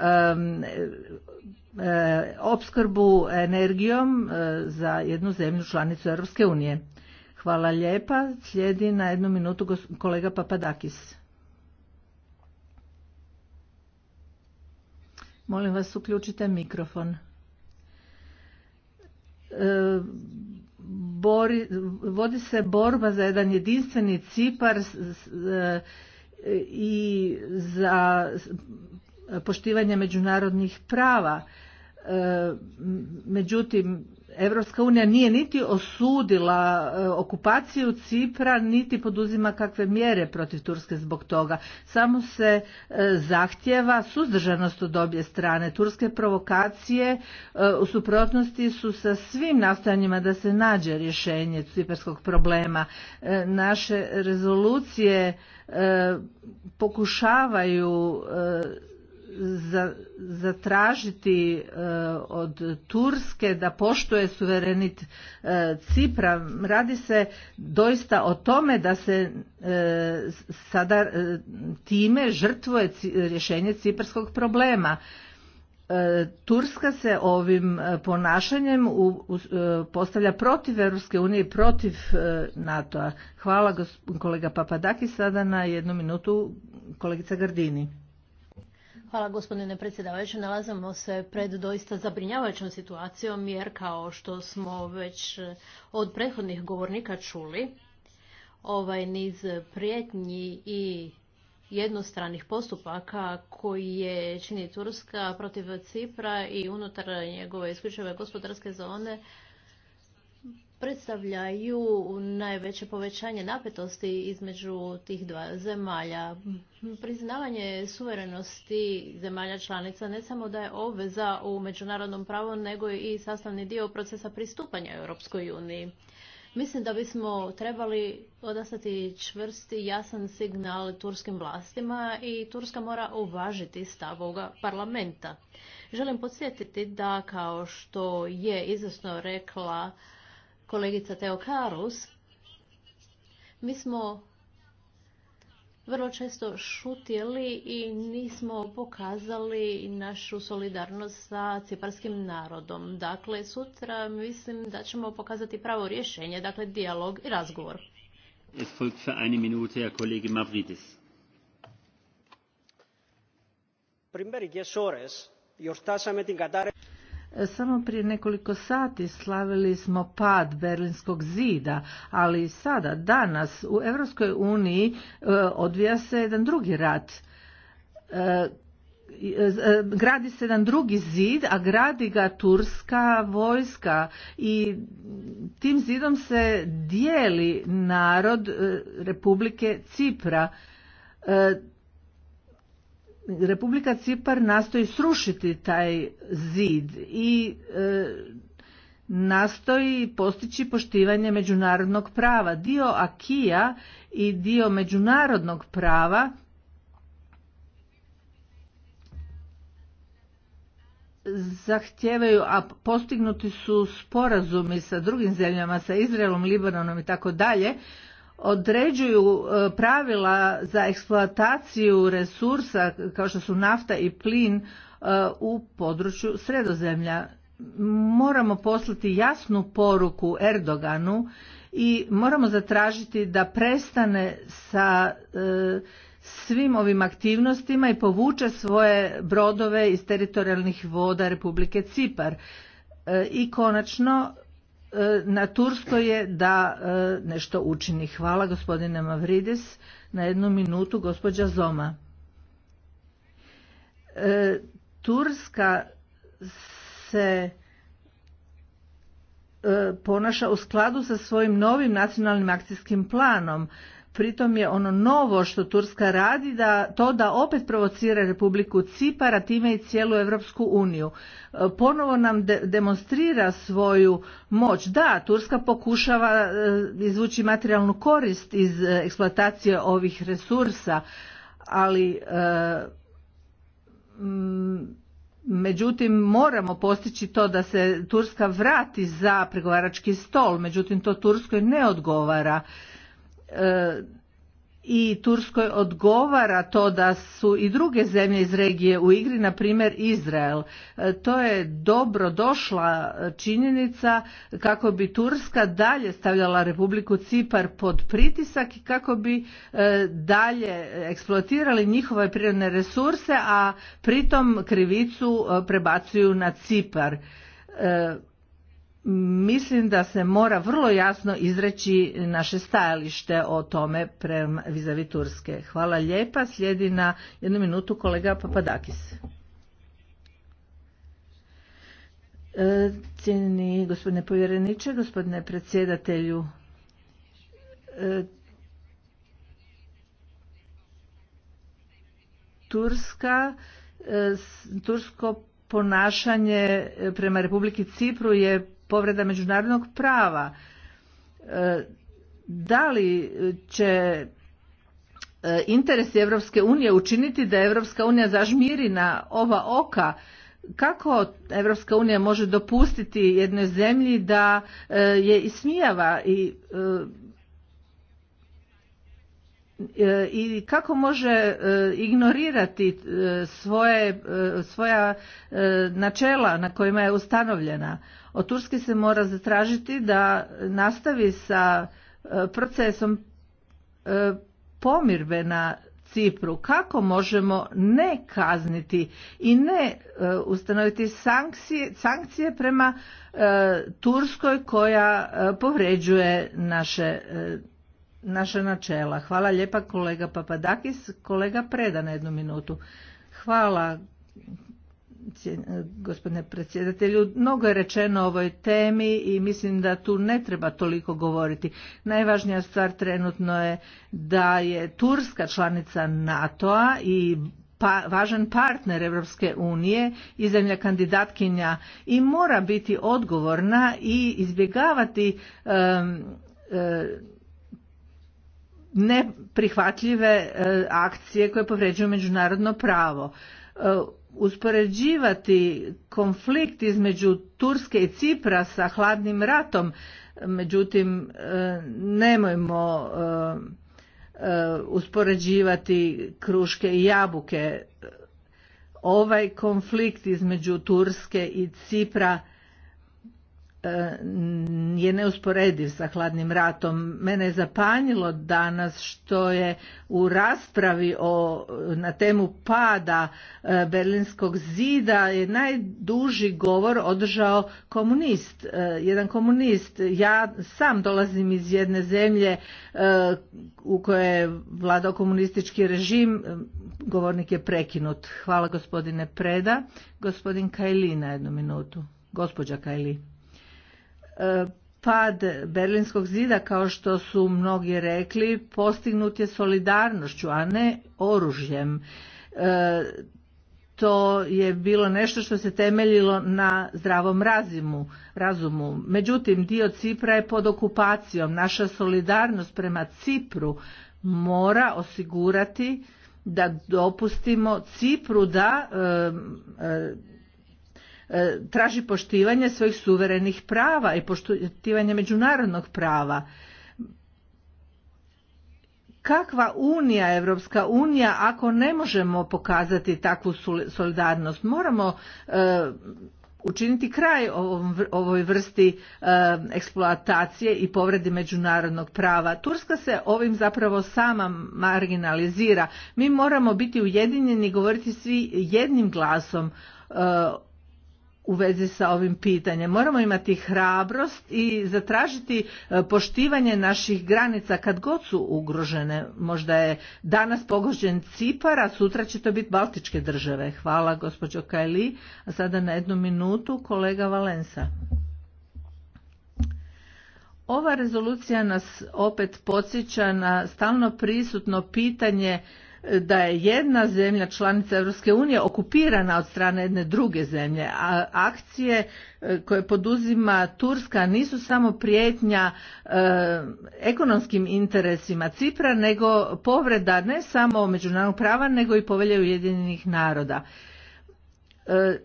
opskrbu energijom za jednu zemlju članicu Europske unije. Hvala lijepa. Slijedi na jednu minutu kolega Papadakis. Molim vas uključite mikrofon bori, vodi se borba za jedan jedinstveni Cipar e, i za poštivanje međunarodnih prava E, međutim Evropska unija nije niti osudila e, okupaciju Cipra niti poduzima kakve mjere protiv Turske zbog toga. Samo se e, zahtjeva suzdržanost od obje strane. Turske provokacije u suprotnosti su sa svim nastojanjima da se nađe rješenje ciperskog problema. Naše rezolucije pokušavaju zatražiti e, od Turske da poštuje suverenit e, Cipra. Radi se doista o tome da se e, sada time žrtvuje rješenje ciprskog problema. Turska se ovim ponašanjem postavlja protiv Europske unije i protiv NATO-a. Hvala kolega Papadaki. Sada na jednu minutu kolegica Gardini. Hvala gospodine predsjedavajući. Nalazimo se pred doista zabrinjavajućom situacijom jer kao što smo već eh, od prethodnih govornika čuli, ovaj niz prijetnji i jednostranih postupaka koji je čini Turska protiv Cipra i unutar njegove isključive gospodarske zone predstavljaju najveće povećanje napetosti između tih dva zemalja. Priznavanje suverenosti zemalja članica ne samo da je obveza u međunarodnom pravu, nego i sastavni dio procesa pristupanja Europskoj uniji. Mislim da bismo trebali odastati čvrsti, jasan signal turskim vlastima i Turska mora uvažiti stav ovoga parlamenta. Želim podsjetiti da, kao što je izvrsno rekla kolegica Teo Karus, mi smo vrlo često šutjeli i nismo pokazali našu solidarnost sa ciparskim narodom. Dakle, sutra mislim da ćemo pokazati pravo rješenje, dakle dijalog i razgovor. Es folgt für eine Minute Herr Kollege Mavridis. Samo prije nekoliko sati slavili smo pad Berlinskog zida, ali sada, danas, u Europskoj uniji e, odvija se jedan drugi rat. E, e, gradi se jedan drugi zid, a gradi ga turska vojska i tim zidom se dijeli narod Republike Cipra. Republika Cipar nastoji srušiti taj zid i e, nastoji postići poštivanje međunarodnog prava. Dio Akija i dio međunarodnog prava zahtijevaju, a postignuti su sporazumi sa drugim zemljama, sa Izraelom, Libanonom i tako dalje, određuju e, pravila za eksploataciju resursa kao što su nafta i plin e, u području sredozemlja. Moramo poslati jasnu poruku Erdoganu i moramo zatražiti da prestane sa e, svim ovim aktivnostima i povuče svoje brodove iz teritorijalnih voda Republike Cipar. I konačno E, na Turskoj je da e, nešto učini. Hvala gospodine Mavridis. Na jednu minutu gospođa Zoma. E, Turska se ponaša u skladu sa svojim novim nacionalnim akcijskim planom Pritom je ono novo što Turska radi da to da opet provocira Republiku Cipara, time i cijelu Europsku uniju. E, ponovo nam demonstrira svoju moć. Da, Turska pokušava e, izvući materijalnu korist iz e, eksploatacije ovih resursa, ali Međutim, moramo postići to da se Turska vrati za pregovarački stol, međutim to Turskoj ne odgovara E, i Turskoj odgovara to da su i druge zemlje iz regije u igri, na primjer Izrael. E, to je dobro došla činjenica kako bi Turska dalje stavljala Republiku Cipar pod pritisak i kako bi e, dalje eksploatirali njihove prirodne resurse, a pritom krivicu prebacuju na Cipar mislim da se mora vrlo jasno izreći naše stajalište o tome prema vizavi Turske. Hvala lijepa. Slijedi na jednu minutu kolega Papadakis. E, cijenjeni gospodine povjereniče, gospodine predsjedatelju, e, Turska, e, Tursko ponašanje prema Republiki Cipru je povreda međunarodnog prava. E, da li će e, interesi Europske unije učiniti da Evropska unija zažmiri na ova oka kako Evropska unija može dopustiti jednoj zemlji da e, je ismijava i E, i kako može e, ignorirati e, svoje, svoja načela na kojima je ustanovljena. Od Turske se mora zatražiti da nastavi sa procesom pomirbe na Cipru. Kako možemo ne kazniti i ne ustanoviti sankcije, sankcije prema Turskoj koja povređuje naše naša načela. Hvala lijepa kolega Papadakis. Kolega Preda na jednu minutu. Hvala gospodine predsjedatelju. Mnogo je rečeno o ovoj temi i mislim da tu ne treba toliko govoriti. Najvažnija stvar trenutno je da je Turska članica NATO-a i pa, važan partner Europske unije i zemlja kandidatkinja i mora biti odgovorna i izbjegavati e, neprihvatljive e, akcije koje povređuju međunarodno pravo. E, uspoređivati konflikt između Turske i Cipra sa hladnim ratom, međutim e, nemojmo uspoređivati kruške i jabuke. Ovaj konflikt između Turske i Cipra je neusporediv sa hladnim ratom. Mene je zapanjilo danas što je u raspravi o, na temu pada e, Berlinskog zida je najduži govor održao komunist, e, jedan komunist. Ja sam dolazim iz jedne zemlje e, u kojoj je vladao komunistički režim, govornik je prekinut. Hvala gospodine Preda. Gospodin Kajli na jednu minutu. Gospođa Kajli pad Berlinskog zida, kao što su mnogi rekli, postignut je solidarnošću, a ne oružjem. E, to je bilo nešto što se temeljilo na zdravom razimu, razumu. Međutim, dio Cipra je pod okupacijom. Naša solidarnost prema Cipru mora osigurati da dopustimo Cipru da e, e, E, traži poštivanje svojih suverenih prava i poštivanje međunarodnog prava kakva unija Evropska unija ako ne možemo pokazati takvu solidarnost moramo e, učiniti kraj ovoj vrsti e, eksploatacije i povredi međunarodnog prava Turska se ovim zapravo sama marginalizira mi moramo biti ujedinjeni i govoriti svi jednim glasom u vezi sa ovim pitanjem. Moramo imati hrabrost i zatražiti e, poštivanje naših granica kad god su ugrožene. Možda je danas pogođen Cipar, a sutra će to biti Baltičke države. Hvala gospođo Kajli. A sada na jednu minutu kolega Valensa. Ova rezolucija nas opet podsjeća na stalno prisutno pitanje da je jedna zemlja članica Europske unije okupirana od strane jedne druge zemlje, a akcije e, koje poduzima Turska nisu samo prijetnja e, ekonomskim interesima Cipra, nego povreda ne samo međunarodnog prava, nego i povelje Ujedinjenih naroda. E,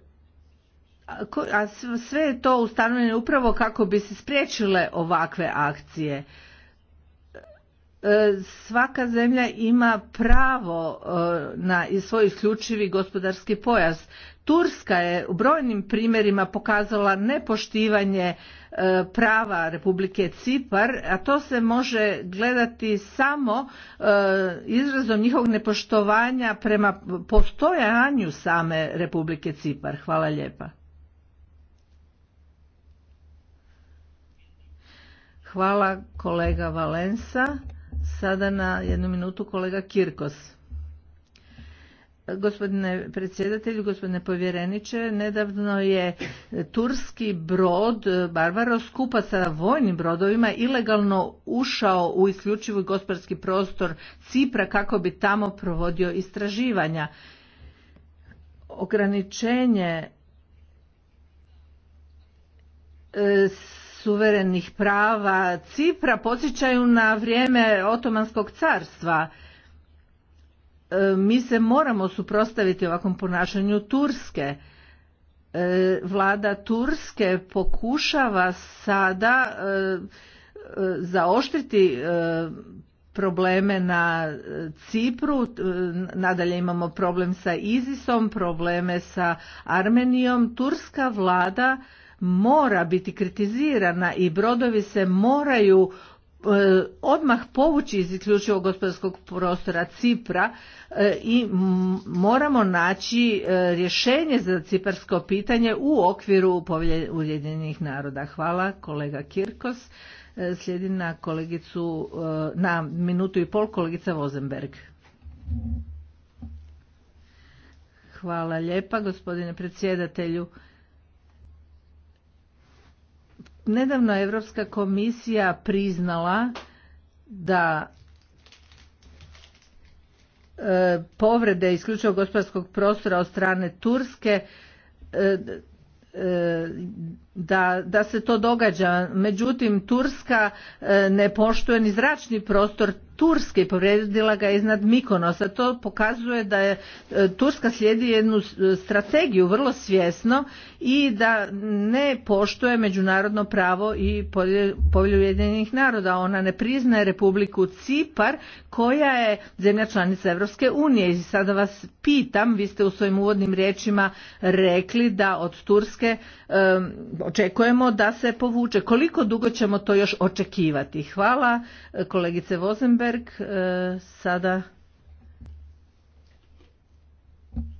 a sve je to ustanovljeno upravo kako bi se spriječile ovakve akcije. E, svaka zemlja ima pravo e, na svoj isključivi gospodarski pojas. Turska je u brojnim primjerima pokazala nepoštivanje e, prava Republike Cipar, a to se može gledati samo izrazom njihovog nepoštovanja prema postojanju same Republike Cipar. Hvala lijepa. Hvala kolega Valensa. Sada na jednu minutu kolega Kirkos. Gospodine predsjedatelju, gospodine povjereniče, nedavno je turski brod Barbaro skupa sa vojnim brodovima ilegalno ušao u isključivi gospodarski prostor Cipra kako bi tamo provodio istraživanja. Ograničenje e, suverenih prava Cipra podsjećaju na vrijeme Otomanskog carstva. E, mi se moramo suprotstaviti ovakvom ponašanju Turske. E, vlada Turske pokušava sada e, zaoštriti probleme na Cipru, nadalje imamo problem sa Izisom, probleme sa Armenijom. Turska vlada mora biti kritizirana i brodovi se moraju e, odmah povući iz isključivog gospodarskog prostora Cipra e, i moramo naći e, rješenje za ciparsko pitanje u okviru Ujedinjenih naroda. Hvala kolega Kirkos. Slijedi na kolegicu, na minutu i pol kolegica Vozenberg. Hvala lijepa gospodine predsjedatelju. Nedavno je Europska komisija priznala da e, povrede isključivo gospodarskog prostora od strane Turske e, e, da, da se to događa. Međutim, Turska e, ne poštuje ni zračni prostor Turske, povredila ga iznad Mikonosa. To pokazuje da je e, Turska slijedi jednu e, strategiju vrlo svjesno i da ne poštuje međunarodno pravo i povelju Ujedinjenih naroda. Ona ne priznaje Republiku Cipar koja je zemlja članica Europske unije. I sada vas pitam, vi ste u svojim uvodnim riječima rekli da od Turske očekujemo da se povuče. Koliko dugo ćemo to još očekivati? Hvala e, kolegice Vozenberg. E, sada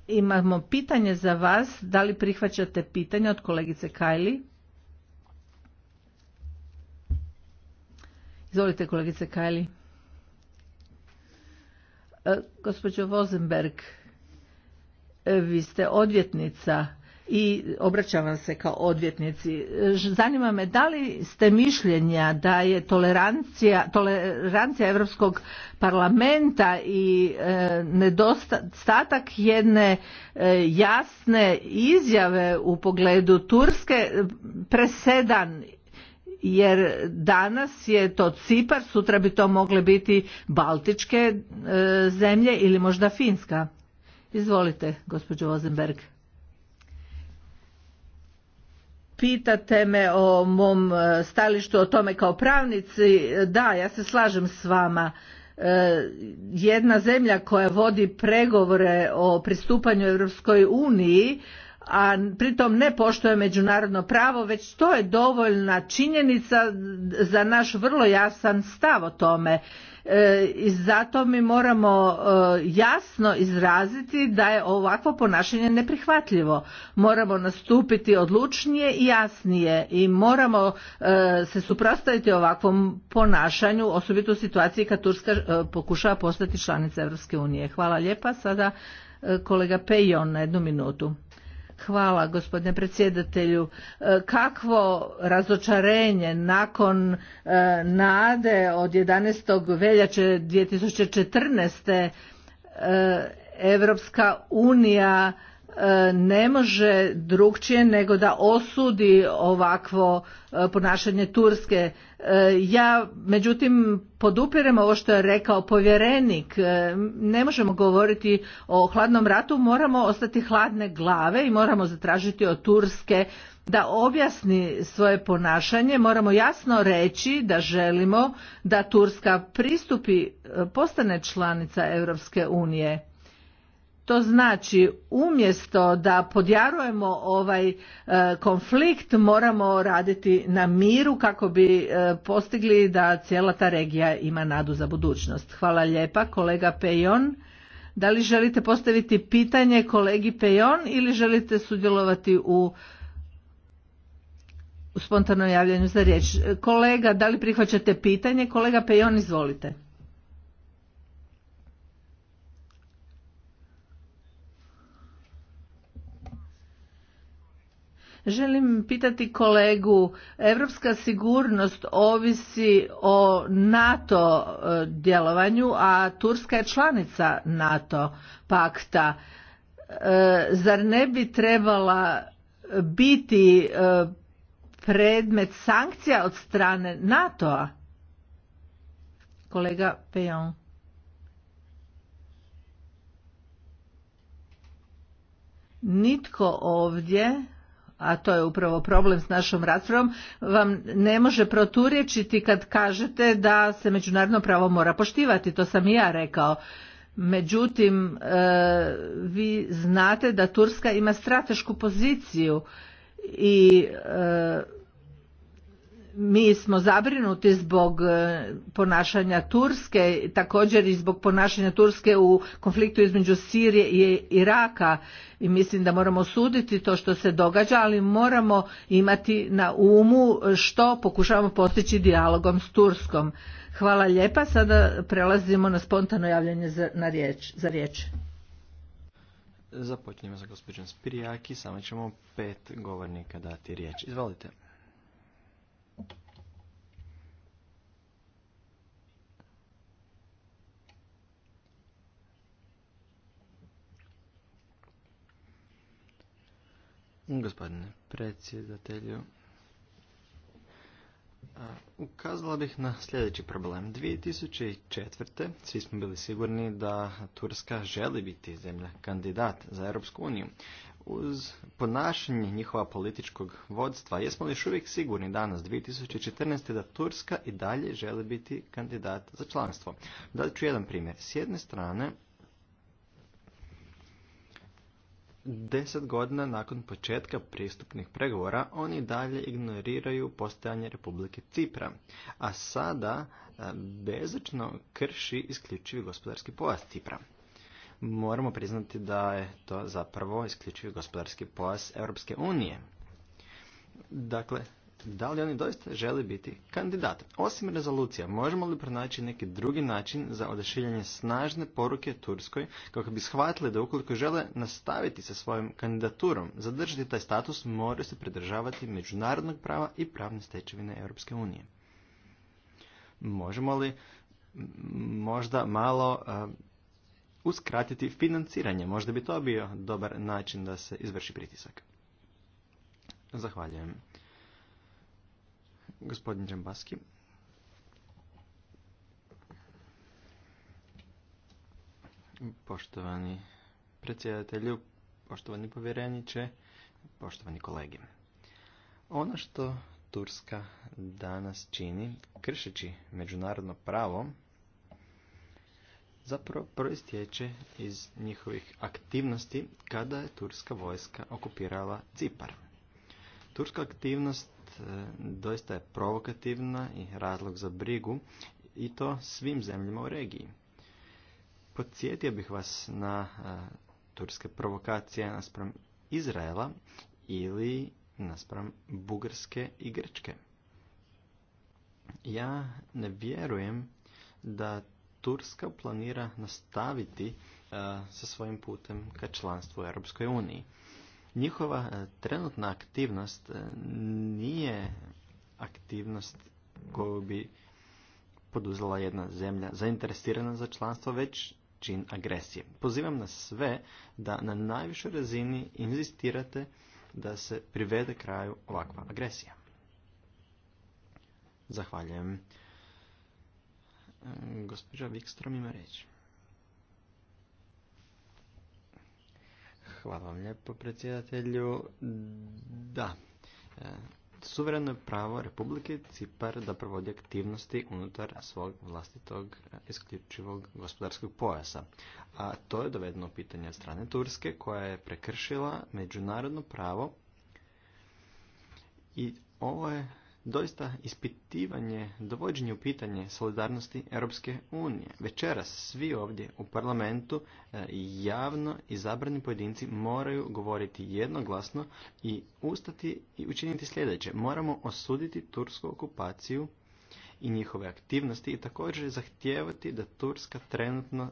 imamo pitanje za vas. Da li prihvaćate pitanje od kolegice Kajli? Izvolite kolegice Kajli. E, gospođo Vozenberg, vi ste odvjetnica i obraćam vam se kao odvjetnici. Zanima me da li ste mišljenja da je tolerancija, tolerancija Europskog parlamenta i e, nedostatak jedne e, jasne izjave u pogledu Turske presedan jer danas je to Cipar, sutra bi to mogle biti Baltičke e, zemlje ili možda Finska. Izvolite, gospođo Vozenberg pitate me o mom e, stalištu o tome kao pravnici, da, ja se slažem s vama. E, jedna zemlja koja vodi pregovore o pristupanju Europskoj uniji, a pritom ne poštuje međunarodno pravo, već to je dovoljna činjenica za naš vrlo jasan stav o tome. E, i zato mi moramo e, jasno izraziti da je ovakvo ponašanje neprihvatljivo. Moramo nastupiti odlučnije i jasnije i moramo e, se suprotstaviti ovakvom ponašanju, osobito u situaciji kad Turska pokušava postati članica Europske unije. Hvala lijepa. Sada kolega Pejon na jednu minutu. Hvala gospodine predsjedatelju. E, kakvo razočarenje nakon e, nade od 11. veljače 2014. E, Evropska unija E, ne može drugčije nego da osudi ovakvo e, ponašanje Turske. E, ja međutim podupirem ovo što je rekao povjerenik. Ne možemo govoriti o hladnom ratu, moramo ostati hladne glave i moramo zatražiti od Turske da objasni svoje ponašanje. Moramo jasno reći da želimo da Turska pristupi postane članica Europske unije to znači umjesto da podjarujemo ovaj e, konflikt moramo raditi na miru kako bi e, postigli da cijela ta regija ima nadu za budućnost. Hvala lijepa kolega Pejon. Da li želite postaviti pitanje kolegi Pejon ili želite sudjelovati u u spontanom javljanju za riječ. Kolega, da li prihvaćate pitanje? Kolega Pejon, izvolite. Želim pitati kolegu, evropska sigurnost ovisi o NATO e, djelovanju, a Turska je članica NATO pakta. E, zar ne bi trebala biti e, predmet sankcija od strane NATO-a? Kolega Pejon. Nitko ovdje a to je upravo problem s našom raspravom, vam ne može proturječiti kad kažete da se međunarodno pravo mora poštivati, to sam i ja rekao. Međutim, e, vi znate da Turska ima stratešku poziciju i e, mi smo zabrinuti zbog e, ponašanja Turske, također i zbog ponašanja Turske u konfliktu između Sirije i Iraka i mislim da moramo suditi to što se događa, ali moramo imati na umu što pokušavamo postići dijalogom s Turskom. Hvala lijepa, sada prelazimo na spontano javljanje za, na riječ, za riječ. Započnimo sa gospođom Spirijaki, samo ćemo pet govornika dati riječ. Izvolite. Gospodine predsjedatelju, ukazala bih na sljedeći problem. 2004. svi smo bili sigurni da Turska želi biti zemlja kandidat za Europsku uniju. Uz ponašanje njihova političkog vodstva, jesmo li još uvijek sigurni danas, 2014. da Turska i dalje želi biti kandidat za članstvo? Dat ću jedan primjer. S jedne strane, deset godina nakon početka pristupnih pregovora oni dalje ignoriraju postojanje Republike Cipra, a sada e, bezočno krši isključivi gospodarski pojas Cipra. Moramo priznati da je to zapravo isključivi gospodarski pojas Europske unije. Dakle, da li oni doista žele biti kandidat. Osim rezolucija, možemo li pronaći neki drugi način za odešiljanje snažne poruke Turskoj kako bi shvatili da ukoliko žele nastaviti sa svojom kandidaturom, zadržati taj status, moraju se pridržavati međunarodnog prava i pravne stečevine Europske unije. Možemo li možda malo e, uskratiti financiranje? Možda bi to bio dobar način da se izvrši pritisak. Zahvaljujem. Gospodin Džambaski. Poštovani predsjedatelju, poštovani povjereniče, poštovani kolege. Ono što Turska danas čini, kršeći međunarodno pravo, zapravo proistječe iz njihovih aktivnosti kada je turska vojska okupirala Cipar. Turska aktivnost E, doista je provokativna i razlog za brigu i to svim zemljama u regiji. Podsjetio bih vas na e, turske provokacije naspram Izraela ili naspram Bugarske i Grčke. Ja ne vjerujem da Turska planira nastaviti e, sa svojim putem ka članstvu u Europskoj uniji. Njihova e, trenutna aktivnost e, nije aktivnost koju bi poduzela jedna zemlja zainteresirana za članstvo, već čin agresije. Pozivam na sve da na najvišoj razini inzistirate da se privede kraju ovakva agresija. Zahvaljujem. E, gospođa Wikstrom ima reći. Hvala vam lijepo, predsjedatelju. Da, e, suvereno je pravo Republike Cipar da provodi aktivnosti unutar svog vlastitog e, isključivog gospodarskog pojasa. A to je dovedeno pitanje od strane Turske koja je prekršila međunarodno pravo i ovo je doista ispitivanje, dovođenje u pitanje solidarnosti Europske unije. Večeras svi ovdje u parlamentu e, javno izabrani pojedinci moraju govoriti jednoglasno i ustati i učiniti sljedeće. Moramo osuditi tursku okupaciju i njihove aktivnosti i također zahtijevati da Turska trenutno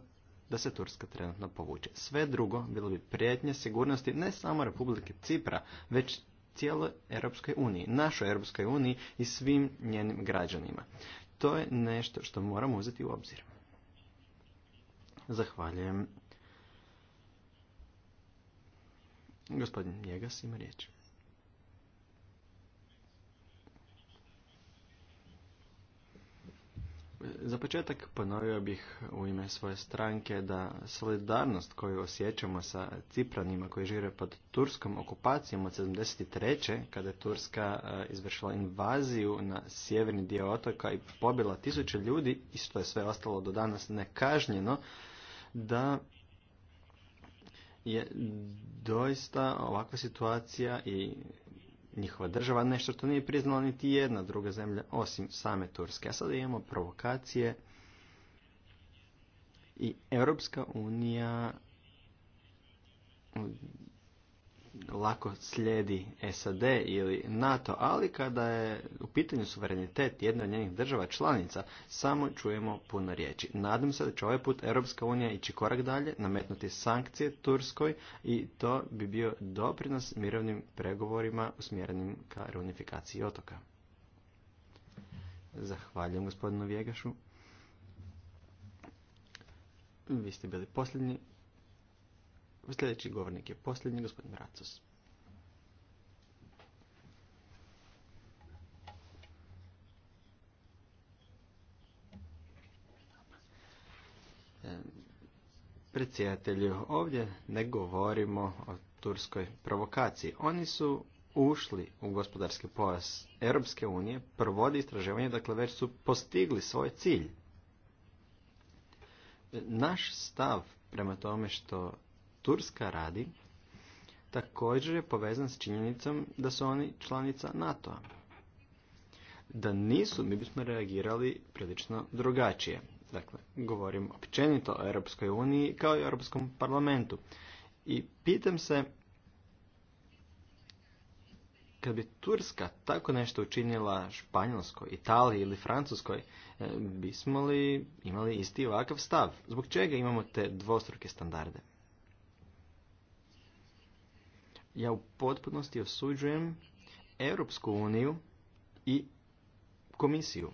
da se Turska trenutno povuče. Sve drugo bilo bi prijetnje sigurnosti ne samo Republike Cipra, već cijeloj Europskoj uniji, našoj Europskoj uniji i svim njenim građanima. To je nešto što moramo uzeti u obzir. Zahvaljujem. Gospodin Jegas ima riječi. Za početak ponovio bih u ime svoje stranke da solidarnost koju osjećamo sa Cipranima koji žive pod turskom okupacijom od 73. kada je Turska eh, izvršila invaziju na sjeverni dio otoka i pobila tisuće ljudi, isto je sve ostalo do danas nekažnjeno, da je doista ovakva situacija i njihova država nešto što nije priznala niti jedna druga zemlja osim same Turske. A sada imamo provokacije i Europska unija lako slijedi SAD ili NATO, ali kada je u pitanju suverenitet jedne od njenih država članica, samo čujemo puno riječi. Nadam se da će ovaj put Europska unija ići korak dalje, nametnuti sankcije Turskoj i to bi bio doprinos mirovnim pregovorima usmjerenim ka reunifikaciji otoka. Zahvaljujem gospodinu Vjegašu. Vi ste bili posljednji. Sljedeći govornik je posljednji, gospodin Racos. Predsjedatelju, ovdje ne govorimo o turskoj provokaciji. Oni su ušli u gospodarski pojas Europske unije, provodi istraživanje, dakle već su postigli svoj cilj. Naš stav prema tome što Turska radi također je povezan s činjenicom da su oni članica NATO-a. Da nisu, mi bismo reagirali prilično drugačije. Dakle, govorim općenito o Europskoj uniji kao i o Europskom parlamentu. I pitam se, kad bi Turska tako nešto učinila Španjolskoj, Italiji ili Francuskoj, e, bismo li imali isti ovakav stav? Zbog čega imamo te dvostruke standarde? ja u potpunosti osuđujem Europsku uniju i komisiju.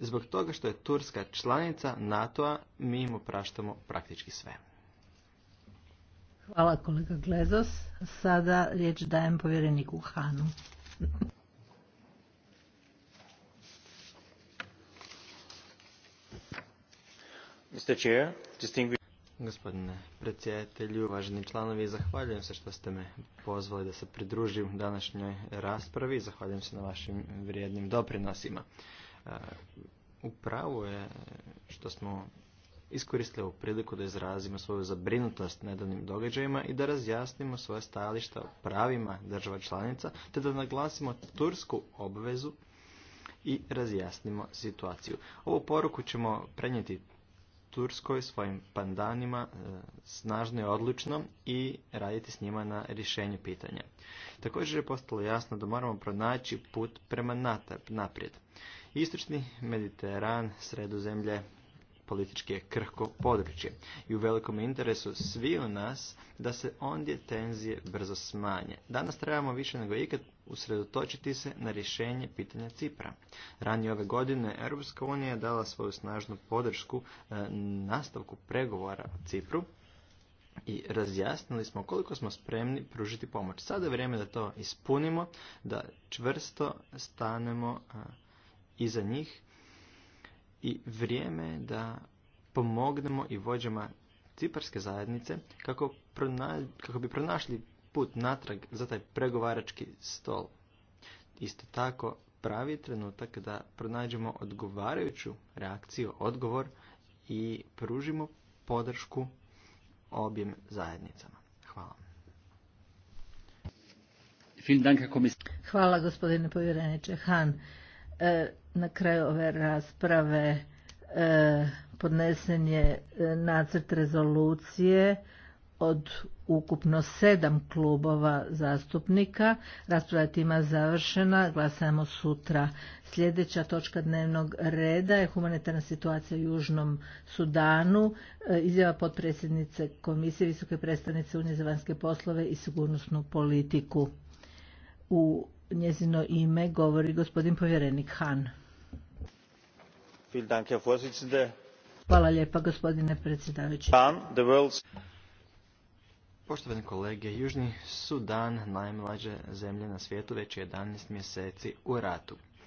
Zbog toga što je Turska članica NATO-a, mi im opraštamo praktički sve. Hvala kolega Glezos. Sada riječ dajem povjereniku Hanu. Mr. Chair, distinguished Gospodine predsjedatelju, uvaženi članovi, zahvaljujem se što ste me pozvali da se pridružim današnjoj raspravi i zahvaljujem se na vašim vrijednim doprinosima. E, Upravo je što smo iskoristili ovu priliku da izrazimo svoju zabrinutost nedavnim događajima i da razjasnimo svoje stajališta o pravima država članica, te da naglasimo tursku obvezu i razjasnimo situaciju. Ovu poruku ćemo prenijeti Turskoj, svojim pandanima, e, snažno i odlučno i raditi s njima na rješenju pitanja. Također je postalo jasno da moramo pronaći put prema naprijed. Istočni Mediteran, sredozemlje, političke krhko područje. I u velikom interesu svi u nas da se ondje tenzije brzo smanje. Danas trebamo više nego ikad usredotočiti se na rješenje pitanja Cipra. Ranije ove godine Europska unija je dala svoju snažnu podršku e, nastavku pregovora o Cipru i razjasnili smo koliko smo spremni pružiti pomoć. Sada je vrijeme da to ispunimo, da čvrsto stanemo e, iza njih i vrijeme je da pomognemo i vođama ciparske zajednice kako, kako bi pronašli put natrag za taj pregovarački stol. Isto tako, pravi trenutak da pronađemo odgovarajuću reakciju, odgovor i pružimo podršku objem zajednicama. Hvala. Hvala gospodine povjereniče Han. E, na kraju ove rasprave e, podnesen je e, nacrt rezolucije od ukupno sedam klubova zastupnika. Rasprava je tima završena, glasamo sutra. Sljedeća točka dnevnog reda je humanitarna situacija u Južnom Sudanu, e, izjava potpredsjednice Komisije Visoke predstavnice Unije za vanjske poslove i sigurnosnu politiku. U njezino ime govori gospodin povjerenik Han. Hvala lijepa gospodine predsjedavajući. Poštovani kolege, Južni Sudan, najmlađe zemlje na svijetu, već je 11 mjeseci u ratu.